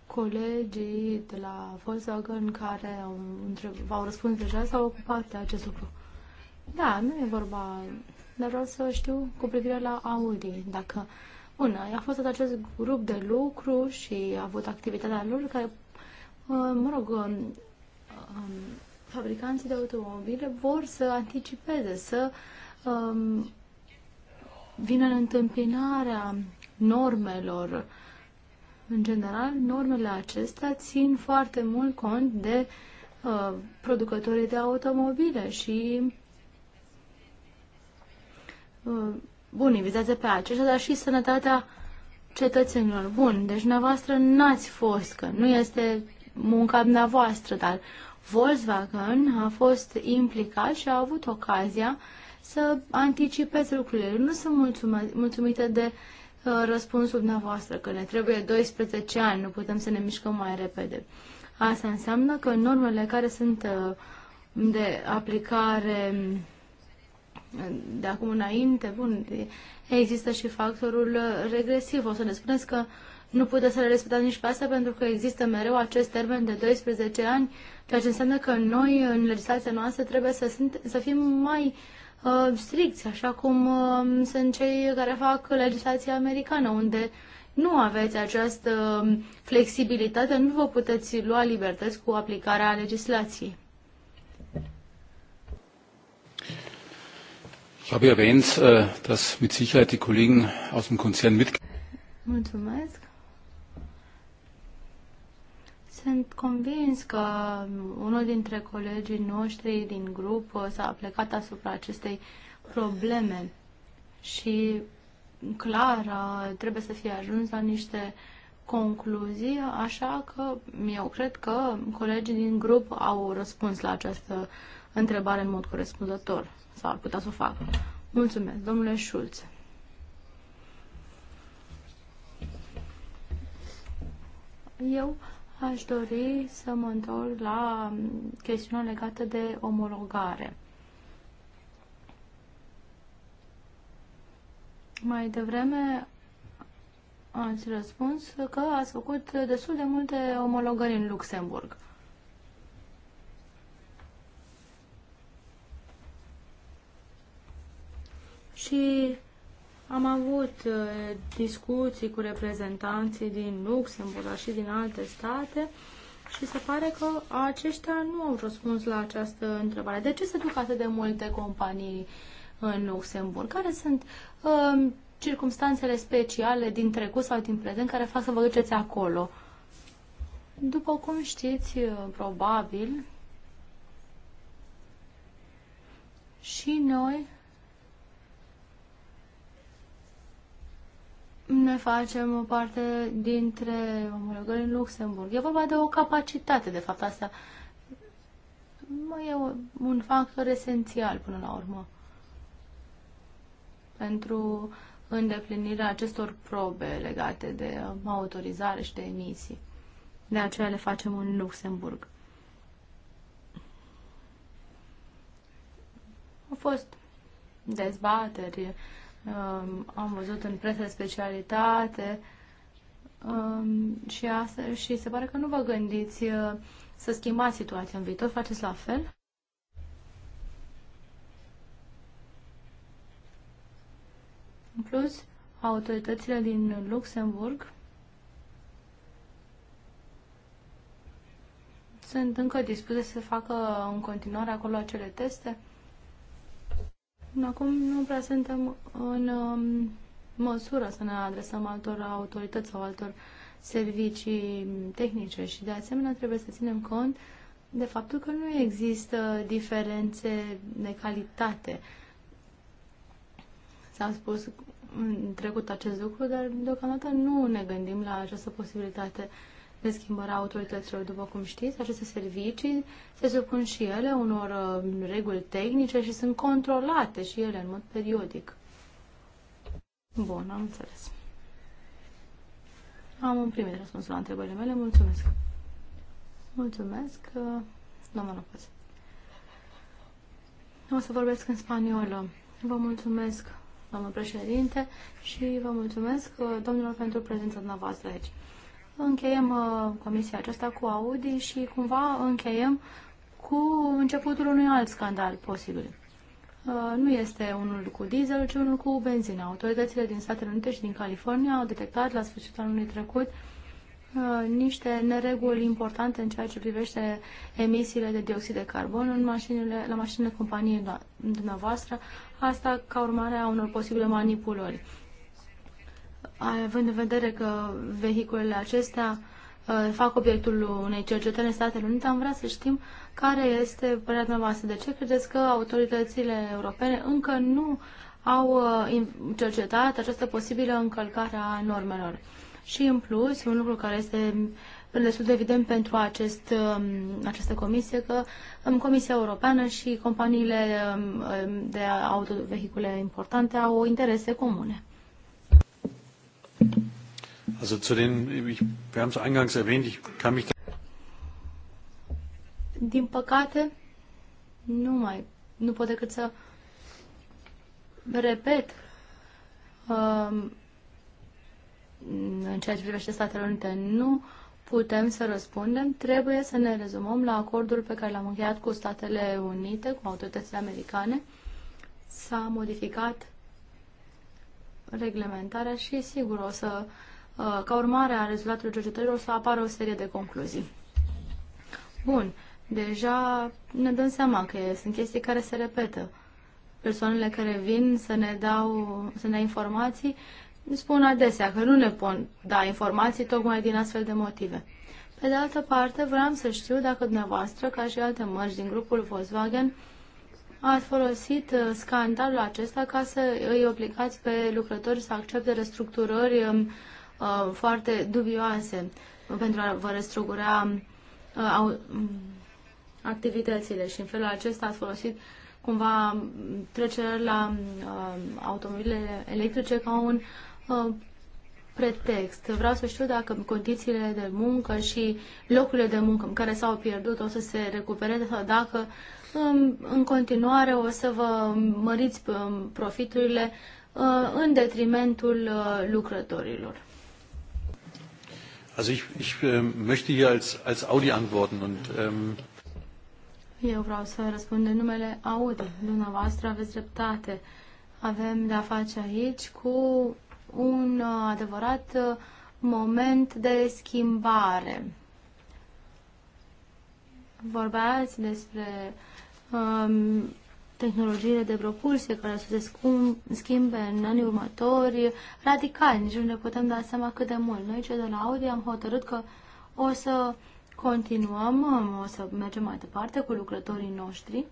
colegii de la Volkswagen care au, v-au răspuns deja s-au ocupat de acest lucru. Da, nu e vorba, dar vreau să știu cu privire la Audi, dacă una a fost tot acest grup de lucru și a avut activitatea lor care, mă rog, um, um, fabricanții de automobile vor să anticipeze, să um, vină în întâmpinarea normelor în general, normele acestea țin foarte mult cont de uh, producătorii de automobile și uh, bun, vizează pe aceștia, dar și sănătatea cetățenilor. Bun, deci dumneavoastră n-ați fost, că nu este munca dumneavoastră, dar Volkswagen a fost implicat și a avut ocazia să anticipeze lucrurile. Nu sunt mulțumită de Uh, răspunsul dumneavoastră, că ne trebuie 12 ani, nu putem să ne mișcăm mai repede. Asta înseamnă că normele care sunt uh, de aplicare de acum înainte, bun, există și factorul uh, regresiv. O să ne spuneți că nu puteți să le respectați nici pe asta pentru că există mereu acest termen de 12 ani, ceea ce înseamnă că noi, în legislația noastră, trebuie să, sunt, să fim mai Uh, stricți, așa cum uh, sunt cei care fac legislația americană, unde nu aveți această flexibilitate, nu vă puteți lua libertăți cu aplicarea legislației. Ich habe erwähnt, äh, dass mit Sicherheit die Kollegen aus dem Konzern mit. Mulțumesc. Sunt convins că unul dintre colegii noștri din grup uh, s-a plecat asupra acestei probleme și clar uh, trebuie să fie ajuns la niște concluzii, așa că eu cred că colegii din grup au răspuns la această întrebare în mod corespunzător sau ar putea să o facă. Mulțumesc, domnule Schulz. Eu Aș dori să mă întorc la chestiunea legată de omologare. Mai devreme ați răspuns că ați făcut destul de multe omologări în Luxemburg. Și am avut uh, discuții cu reprezentanții din Luxemburg, dar și din alte state și se pare că aceștia nu au răspuns la această întrebare. De ce se duc atât de multe companii în Luxemburg? Care sunt um, circumstanțele speciale din trecut sau din prezent care fac să vă duceți acolo? După cum știți, uh, probabil, și noi Ne facem o parte dintre omologări în Luxemburg. E vorba de o capacitate, de fapt, asta e un factor esențial până la urmă pentru îndeplinirea acestor probe legate de autorizare și de emisii. De aceea le facem în Luxemburg. Au fost dezbateri Um, am văzut în presă specialitate um, și, asta, și se pare că nu vă gândiți uh, să schimbați situația în viitor, faceți la fel? În plus, autoritățile din Luxemburg sunt încă dispuse să facă în continuare acolo acele teste? Acum nu prea suntem în um, măsură să ne adresăm altor autorități sau altor servicii tehnice și de asemenea trebuie să ținem cont de faptul că nu există diferențe de calitate. S-a spus în trecut acest lucru, dar deocamdată nu ne gândim la această posibilitate. Uh, de schimbare a autorităților. După cum știți, aceste servicii se supun și ele unor uh, reguli tehnice și sunt controlate și ele în mod periodic. Bun, am înțeles. Am primit răspunsul la întrebările mele. Mulțumesc. Mulțumesc, uh, doamna Lopez. O să vorbesc în spaniolă. Vă mulțumesc, doamnă președinte, și vă mulțumesc, uh, domnilor, pentru prezența dumneavoastră aici încheiem uh, comisia aceasta cu Audi și cumva încheiem cu începutul unui alt scandal posibil. Uh, nu este unul cu diesel, ci unul cu benzină. Autoritățile din Statele Unite și din California au detectat la sfârșitul anului trecut uh, niște nereguli importante în ceea ce privește emisiile de dioxid de carbon în mașinile, la mașinile companiei dumneavoastră, asta ca urmare a unor posibile manipulări având în vedere că vehiculele acestea uh, fac obiectul unei cercetări în Statele Unite, am vrea să știm care este părerea dumneavoastră. De ce credeți că autoritățile europene încă nu au uh, cercetat această posibilă încălcare a normelor? Și în plus, un lucru care este destul de evident pentru acest, um, această comisie, că în Comisia Europeană și companiile um, de autovehicule importante au interese comune. Also zu den, ich, wir haben es eingangs erwähnt, ich kann mich da Din păcate, nu mai, nu pot decât să repet um, în ceea ce privește Statele Unite, nu putem să răspundem, trebuie să ne rezumăm la acordul pe care l-am încheiat cu Statele Unite, cu autoritățile americane. S-a modificat reglementarea și sigur o să, uh, ca urmare a rezultatului cercetărilor, o să apară o serie de concluzii. Bun, deja ne dăm seama că sunt chestii care se repetă. Persoanele care vin să ne dau, să ne informații, spun adesea că nu ne pot da informații tocmai din astfel de motive. Pe de altă parte, vreau să știu dacă dumneavoastră, ca și alte mărci din grupul Volkswagen, ați folosit uh, scandalul acesta ca să îi obligați pe lucrători să accepte restructurări um, uh, foarte dubioase pentru a vă restructura uh, mm, activitățile și în felul acesta ați folosit cumva mm, trecerea la mm, automobile electrice ca un pretext. Vreau să știu dacă condițiile de muncă și locurile de muncă care s-au pierdut o să se recupereze sau dacă um, în continuare o să vă măriți um, profiturile uh, în detrimentul uh, lucrătorilor. Also ich, ich ähm, möchte hier als, als Audi antworten und ähm eu vreau să răspund în numele Audi. Dumneavoastră aveți dreptate. Avem de-a face aici cu un uh, adevărat uh, moment de schimbare. Vorbeați despre um, tehnologiile de propulsie care o să se schimbe în anii următori radical, nici nu ne putem da seama cât de mult. Noi cei de la Audi am hotărât că o să continuăm, um, o să mergem mai departe cu lucrătorii noștri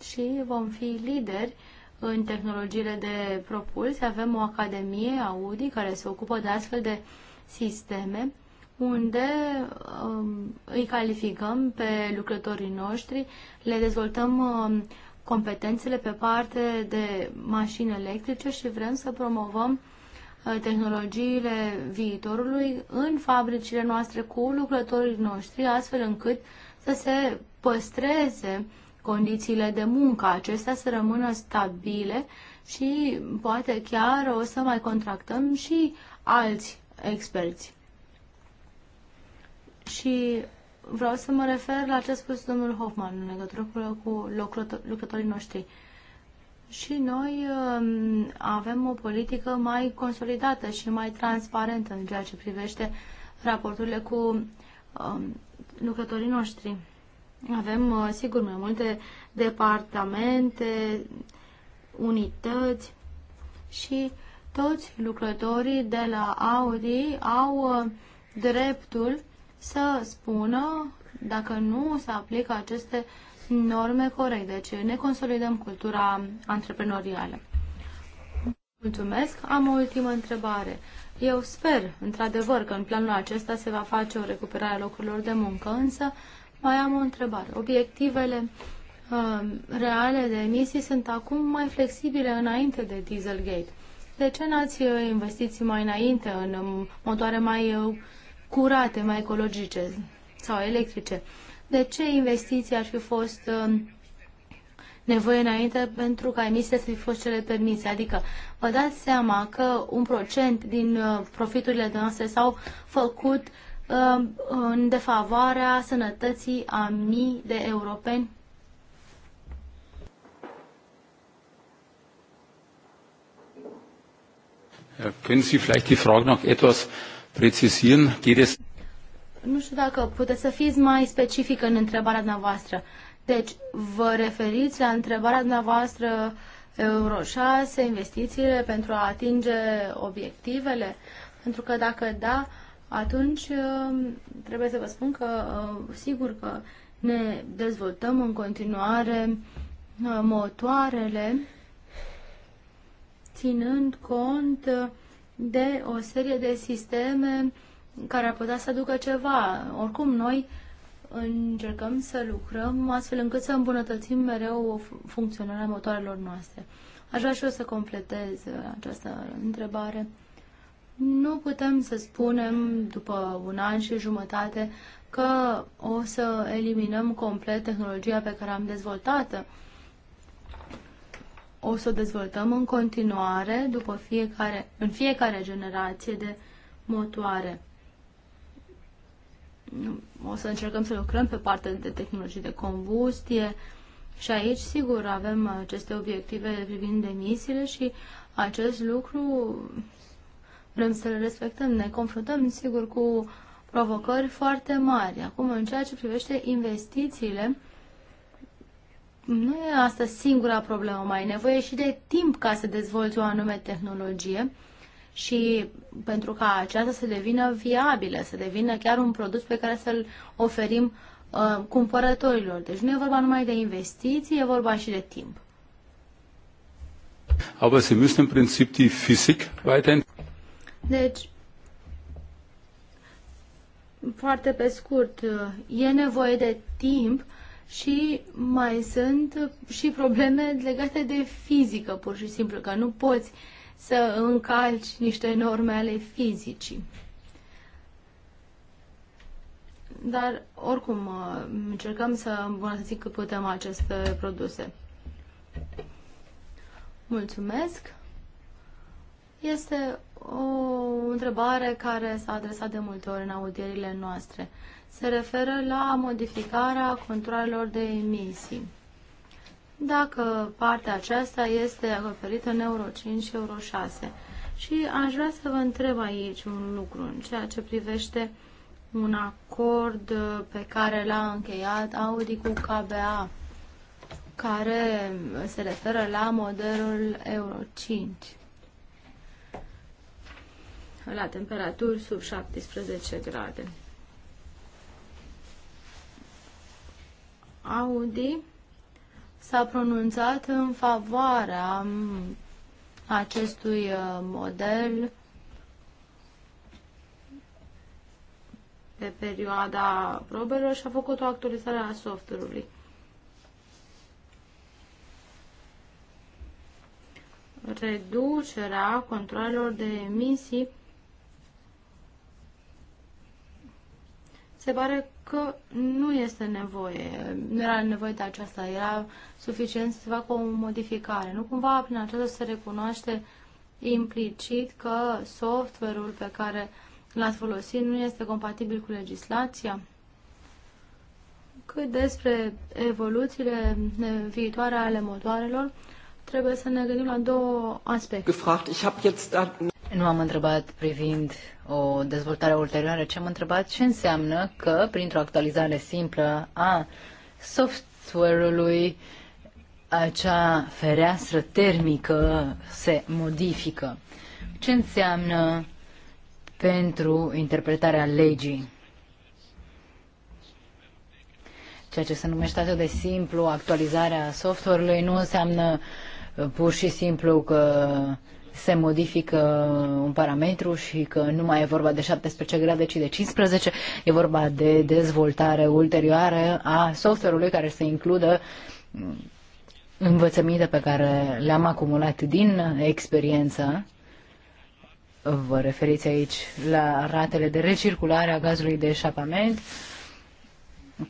și vom fi lideri în tehnologiile de propulsie. Avem o academie, Audi, care se ocupă de astfel de sisteme, unde um, îi calificăm pe lucrătorii noștri, le dezvoltăm um, competențele pe parte de mașini electrice și vrem să promovăm uh, tehnologiile viitorului în fabricile noastre cu lucrătorii noștri, astfel încât să se păstreze uh, condițiile de muncă acestea să rămână stabile și poate chiar o să mai contractăm și alți experți. Și vreau să mă refer la ce a spus domnul Hoffman în legătură cu lucrătorii noștri. Și noi um, avem o politică mai consolidată și mai transparentă în ceea ce privește raporturile cu um, lucrătorii noștri. Avem, uh, sigur, mai multe departamente, unități și toți lucrătorii de la Audi au uh, dreptul să spună dacă nu se aplică aceste norme corecte. Deci ne consolidăm cultura antreprenorială. Mulțumesc. Am o ultimă întrebare. Eu sper, într-adevăr, că în planul acesta se va face o recuperare a locurilor de muncă, însă mai am o întrebare. Obiectivele uh, reale de emisii sunt acum mai flexibile înainte de Dieselgate. De ce n-ați uh, investiții mai înainte în um, motoare mai uh, curate, mai ecologice sau electrice? De ce investiții ar fi fost um, nevoie înainte pentru ca emisiile să fi fost cele permise. Adică vă dați seama că un procent din uh, profiturile noastre s-au făcut în defavoarea sănătății a mii de europeni? Können Sie vielleicht die Frage noch etwas präzisieren? Geht es nu știu dacă puteți să fiți mai specific în întrebarea dumneavoastră. Deci, vă referiți la întrebarea dumneavoastră Euro 6, investițiile pentru a atinge obiectivele? Pentru că dacă da, uh, atunci um, trebuie să vă spun că um, sigur că ne dezvoltăm în continuare uh, motoarele ținând cont de o serie de sisteme care ar putea să aducă ceva. Oricum, noi încercăm să lucrăm astfel încât să îmbunătățim mereu funcționarea motoarelor noastre. Aș vrea și eu să completez uh, această întrebare nu putem să spunem după un an și jumătate că o să eliminăm complet tehnologia pe care am dezvoltat-o. O să o dezvoltăm în continuare după fiecare, în fiecare generație de motoare. O să încercăm să lucrăm pe partea de tehnologie de combustie și aici, sigur, avem aceste obiective privind emisiile și acest lucru vrem să le respectăm. Ne confruntăm, sigur, cu provocări foarte mari. Acum, în ceea ce privește investițiile, nu e asta singura problemă, mai e nevoie și de timp ca să dezvolți o anume tehnologie și pentru ca aceasta să devină viabilă, să devină chiar un produs pe care să-l oferim uh, cumpărătorilor. Deci nu e vorba numai de investiții, e vorba și de timp. Aber Sie müssen im Prinzip die Physik weiterentwickeln. Deci, foarte pe scurt, e nevoie de timp și mai sunt și probleme legate de fizică, pur și simplu, că nu poți să încalci niște norme ale fizicii. Dar, oricum, încercăm să îmbunătățim cât putem aceste produse. Mulțumesc! Este o întrebare care s-a adresat de multe ori în audierile noastre. Se referă la modificarea controlelor de emisii. Dacă partea aceasta este acoperită în Euro 5 și Euro 6. Și aș vrea să vă întreb aici un lucru în ceea ce privește un acord pe care l-a încheiat Audi cu KBA, care se referă la modelul Euro 5 la temperaturi sub 17 grade. Audi s-a pronunțat în favoarea acestui uh, model pe perioada probelor și a făcut o actualizare a software-ului. Reducerea controlelor de emisii se pare că nu este nevoie, nu era nevoie de aceasta, era suficient să facă o modificare. Nu cumva prin aceasta se recunoaște implicit că software-ul pe care l-ați folosit nu este compatibil cu legislația? Cât despre evoluțiile viitoare ale motoarelor, trebuie să ne gândim la două aspecte. Gefragt, ich jetzt da... Nu am întrebat privind o dezvoltare ulterioară, ci am întrebat ce înseamnă că, printr-o actualizare simplă a software-ului, acea fereastră termică se modifică. Ce înseamnă pentru interpretarea legii? Ceea ce se numește atât de simplu actualizarea software-ului nu înseamnă uh, pur și simplu că se modifică un parametru și că nu mai e vorba de 17 grade, ci de 15, e vorba de dezvoltare ulterioară a software-ului care să includă mm, învățăminte pe care le-am acumulat din experiență. Vă referiți aici la ratele de recirculare a gazului de eșapament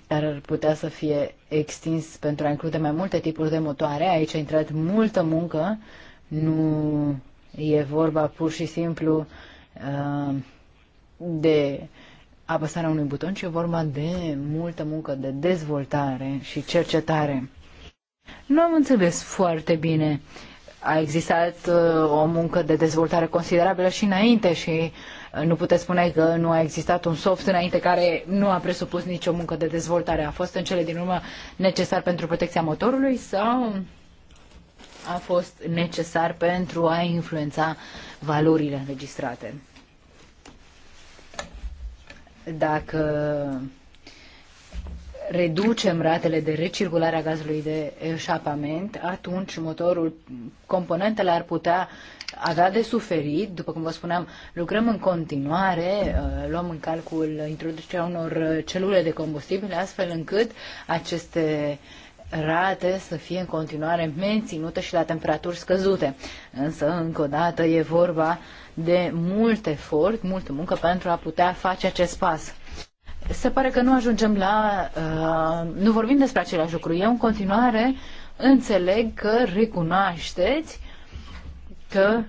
care ar putea să fie extins pentru a include mai multe tipuri de motoare. Aici a intrat multă muncă, nu E vorba pur și simplu uh, de apăsarea unui buton, ci e vorba de multă muncă de dezvoltare și cercetare. Nu am înțeles foarte bine. A existat uh, o muncă de dezvoltare considerabilă și înainte și uh, nu puteți spune că nu a existat un soft înainte care nu a presupus nicio muncă de dezvoltare. A fost în cele din urmă necesar pentru protecția motorului sau a fost necesar pentru a influența valorile înregistrate. Dacă reducem ratele de recirculare a gazului de eșapament, atunci motorul, componentele ar putea avea de suferit. După cum vă spuneam, lucrăm în continuare, uh, luăm în calcul introducerea unor uh, celule de combustibil, astfel încât aceste uh, rate să fie în continuare menținută și la temperaturi scăzute. Însă, încă o dată, e vorba de mult efort, multă muncă pentru a putea face acest pas. Se pare că nu ajungem la... Uh, nu vorbim despre același lucru. Eu, în continuare, înțeleg că recunoașteți că,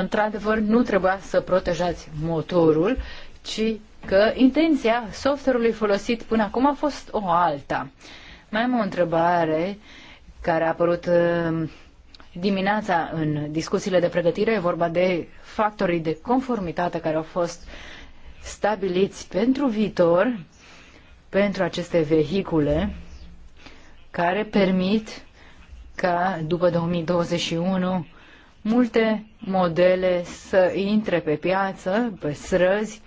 într-adevăr, nu trebuia să protejați motorul, ci că intenția software-ului folosit până acum a fost o alta. Uh, mai am o întrebare care a apărut uh, dimineața în discuțiile de pregătire. E vorba de factorii de conformitate care au fost stabiliți pentru viitor, pentru aceste vehicule, care permit ca după 2021 multe modele să intre pe piață, pe străzi,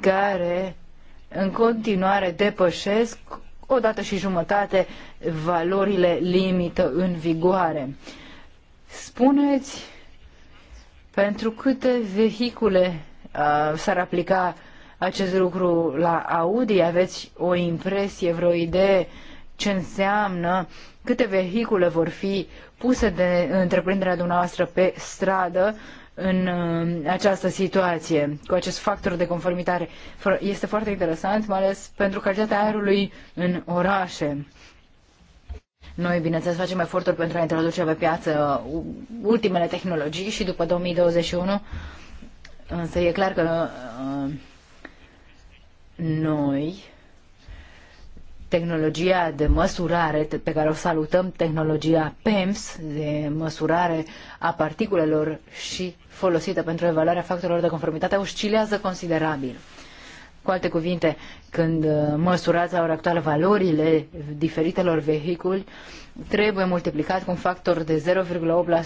care în continuare depășesc o dată și jumătate valorile limită în vigoare. Spuneți pentru câte vehicule uh, s-ar aplica acest lucru la Audi? Aveți o impresie, vreo idee ce înseamnă câte vehicule vor fi puse de întreprinderea dumneavoastră pe stradă în uh, această situație, cu acest factor de conformitare. Este foarte interesant, mai ales pentru calitatea aerului în orașe. Noi, bineînțeles, facem eforturi pentru a introduce pe piață ultimele tehnologii și după 2021, însă e clar că uh, noi tehnologia de măsurare pe care o salutăm, tehnologia PEMS de măsurare a particulelor și folosită pentru evaluarea factorilor de conformitate, oscilează considerabil. Cu alte cuvinte, când uh, măsurați la ora actuală valorile diferitelor vehiculi, trebuie multiplicat cu un factor de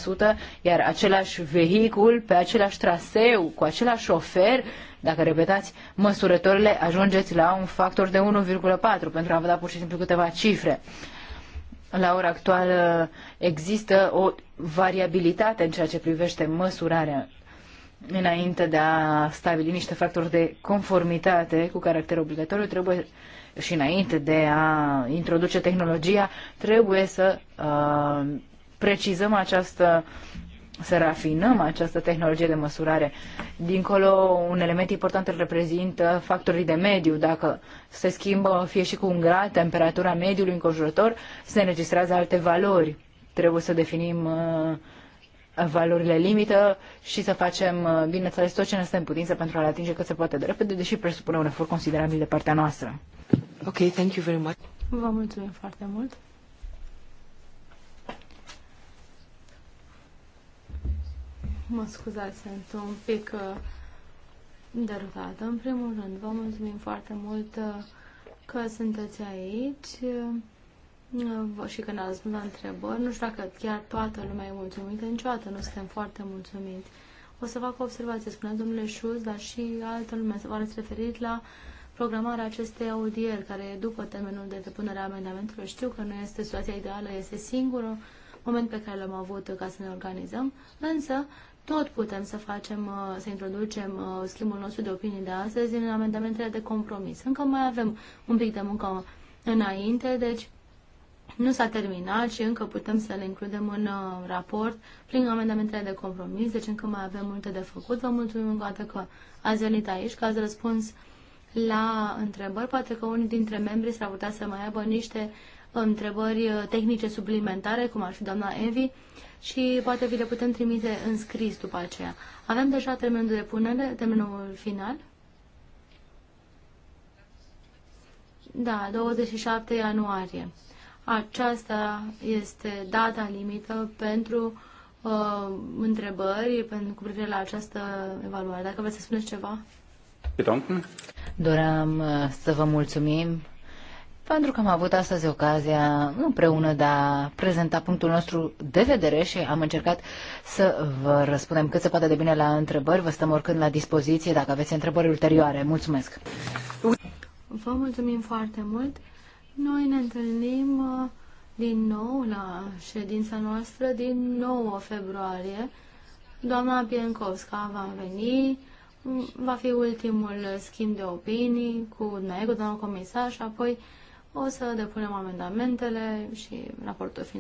0,8%, iar același vehicul pe același traseu, cu același șofer, dacă repetați măsurătorile, ajungeți la un factor de 1,4 pentru a vă da pur și simplu câteva cifre. La ora actuală există o variabilitate în ceea ce privește măsurarea înainte de a stabili niște factori de conformitate cu caracter obligatoriu, trebuie și înainte de a introduce tehnologia, trebuie să uh, precizăm această să rafinăm această tehnologie de măsurare. Dincolo, un element important îl reprezintă factorii de mediu. Dacă se schimbă fie și cu un grad temperatura mediului înconjurător, se înregistrează alte valori. Trebuie să definim uh, valorile limită și să facem, uh, bineînțeles, tot ce ne stă în putință pentru a le atinge cât se poate de repede, deși presupune un efort considerabil de partea noastră. Ok, thank you very much. Vă mulțumim foarte mult. Mă scuzați, sunt un pic uh, derutată. În primul rând, vă mulțumim foarte mult uh, că sunteți aici. Uh, și când a răspuns la întrebări, nu știu dacă chiar toată lumea e mulțumită, niciodată nu suntem foarte mulțumiți. O să fac o observație, spunea domnule Șuz, dar și altă lume, se va referit la programarea acestei audieri, care e după termenul de depunere a amendamentului. Știu că nu este situația ideală, este singurul moment pe care l-am avut ca să ne organizăm, însă tot putem să facem, uh, să introducem uh, schimbul nostru de opinii de astăzi în amendamentele de compromis. Încă mai avem un pic de muncă înainte, deci nu s-a terminat și încă putem să le includem în uh, raport prin amendamentele de compromis, deci încă mai avem multe de făcut. Vă mulțumim încă o dată că ați venit aici, că ați răspuns la întrebări. Poate că unii dintre membrii s-ar putea să mai aibă niște întrebări uh, tehnice suplimentare, cum ar fi doamna Evi, și poate vi le putem trimite în scris după aceea. Avem deja termenul de punere, termenul final? Da, 27 ianuarie. Aceasta este data limită pentru uh, întrebări pentru, cu privire la această evaluare. Dacă vreți să spuneți ceva? Doream uh, să vă mulțumim pentru că am avut astăzi ocazia împreună de a prezenta punctul nostru de vedere și am încercat să vă răspundem cât se poate de bine la întrebări. Vă stăm oricând la dispoziție dacă aveți întrebări ulterioare. Mulțumesc! Vă mulțumim foarte mult! Noi ne întâlnim uh, din nou la ședința noastră din 9 februarie. Doamna Piencovska va veni, mm, va fi ultimul schimb de opinii cu dumneavoastră, doamna comisar, și apoi o să depunem amendamentele și raportul final.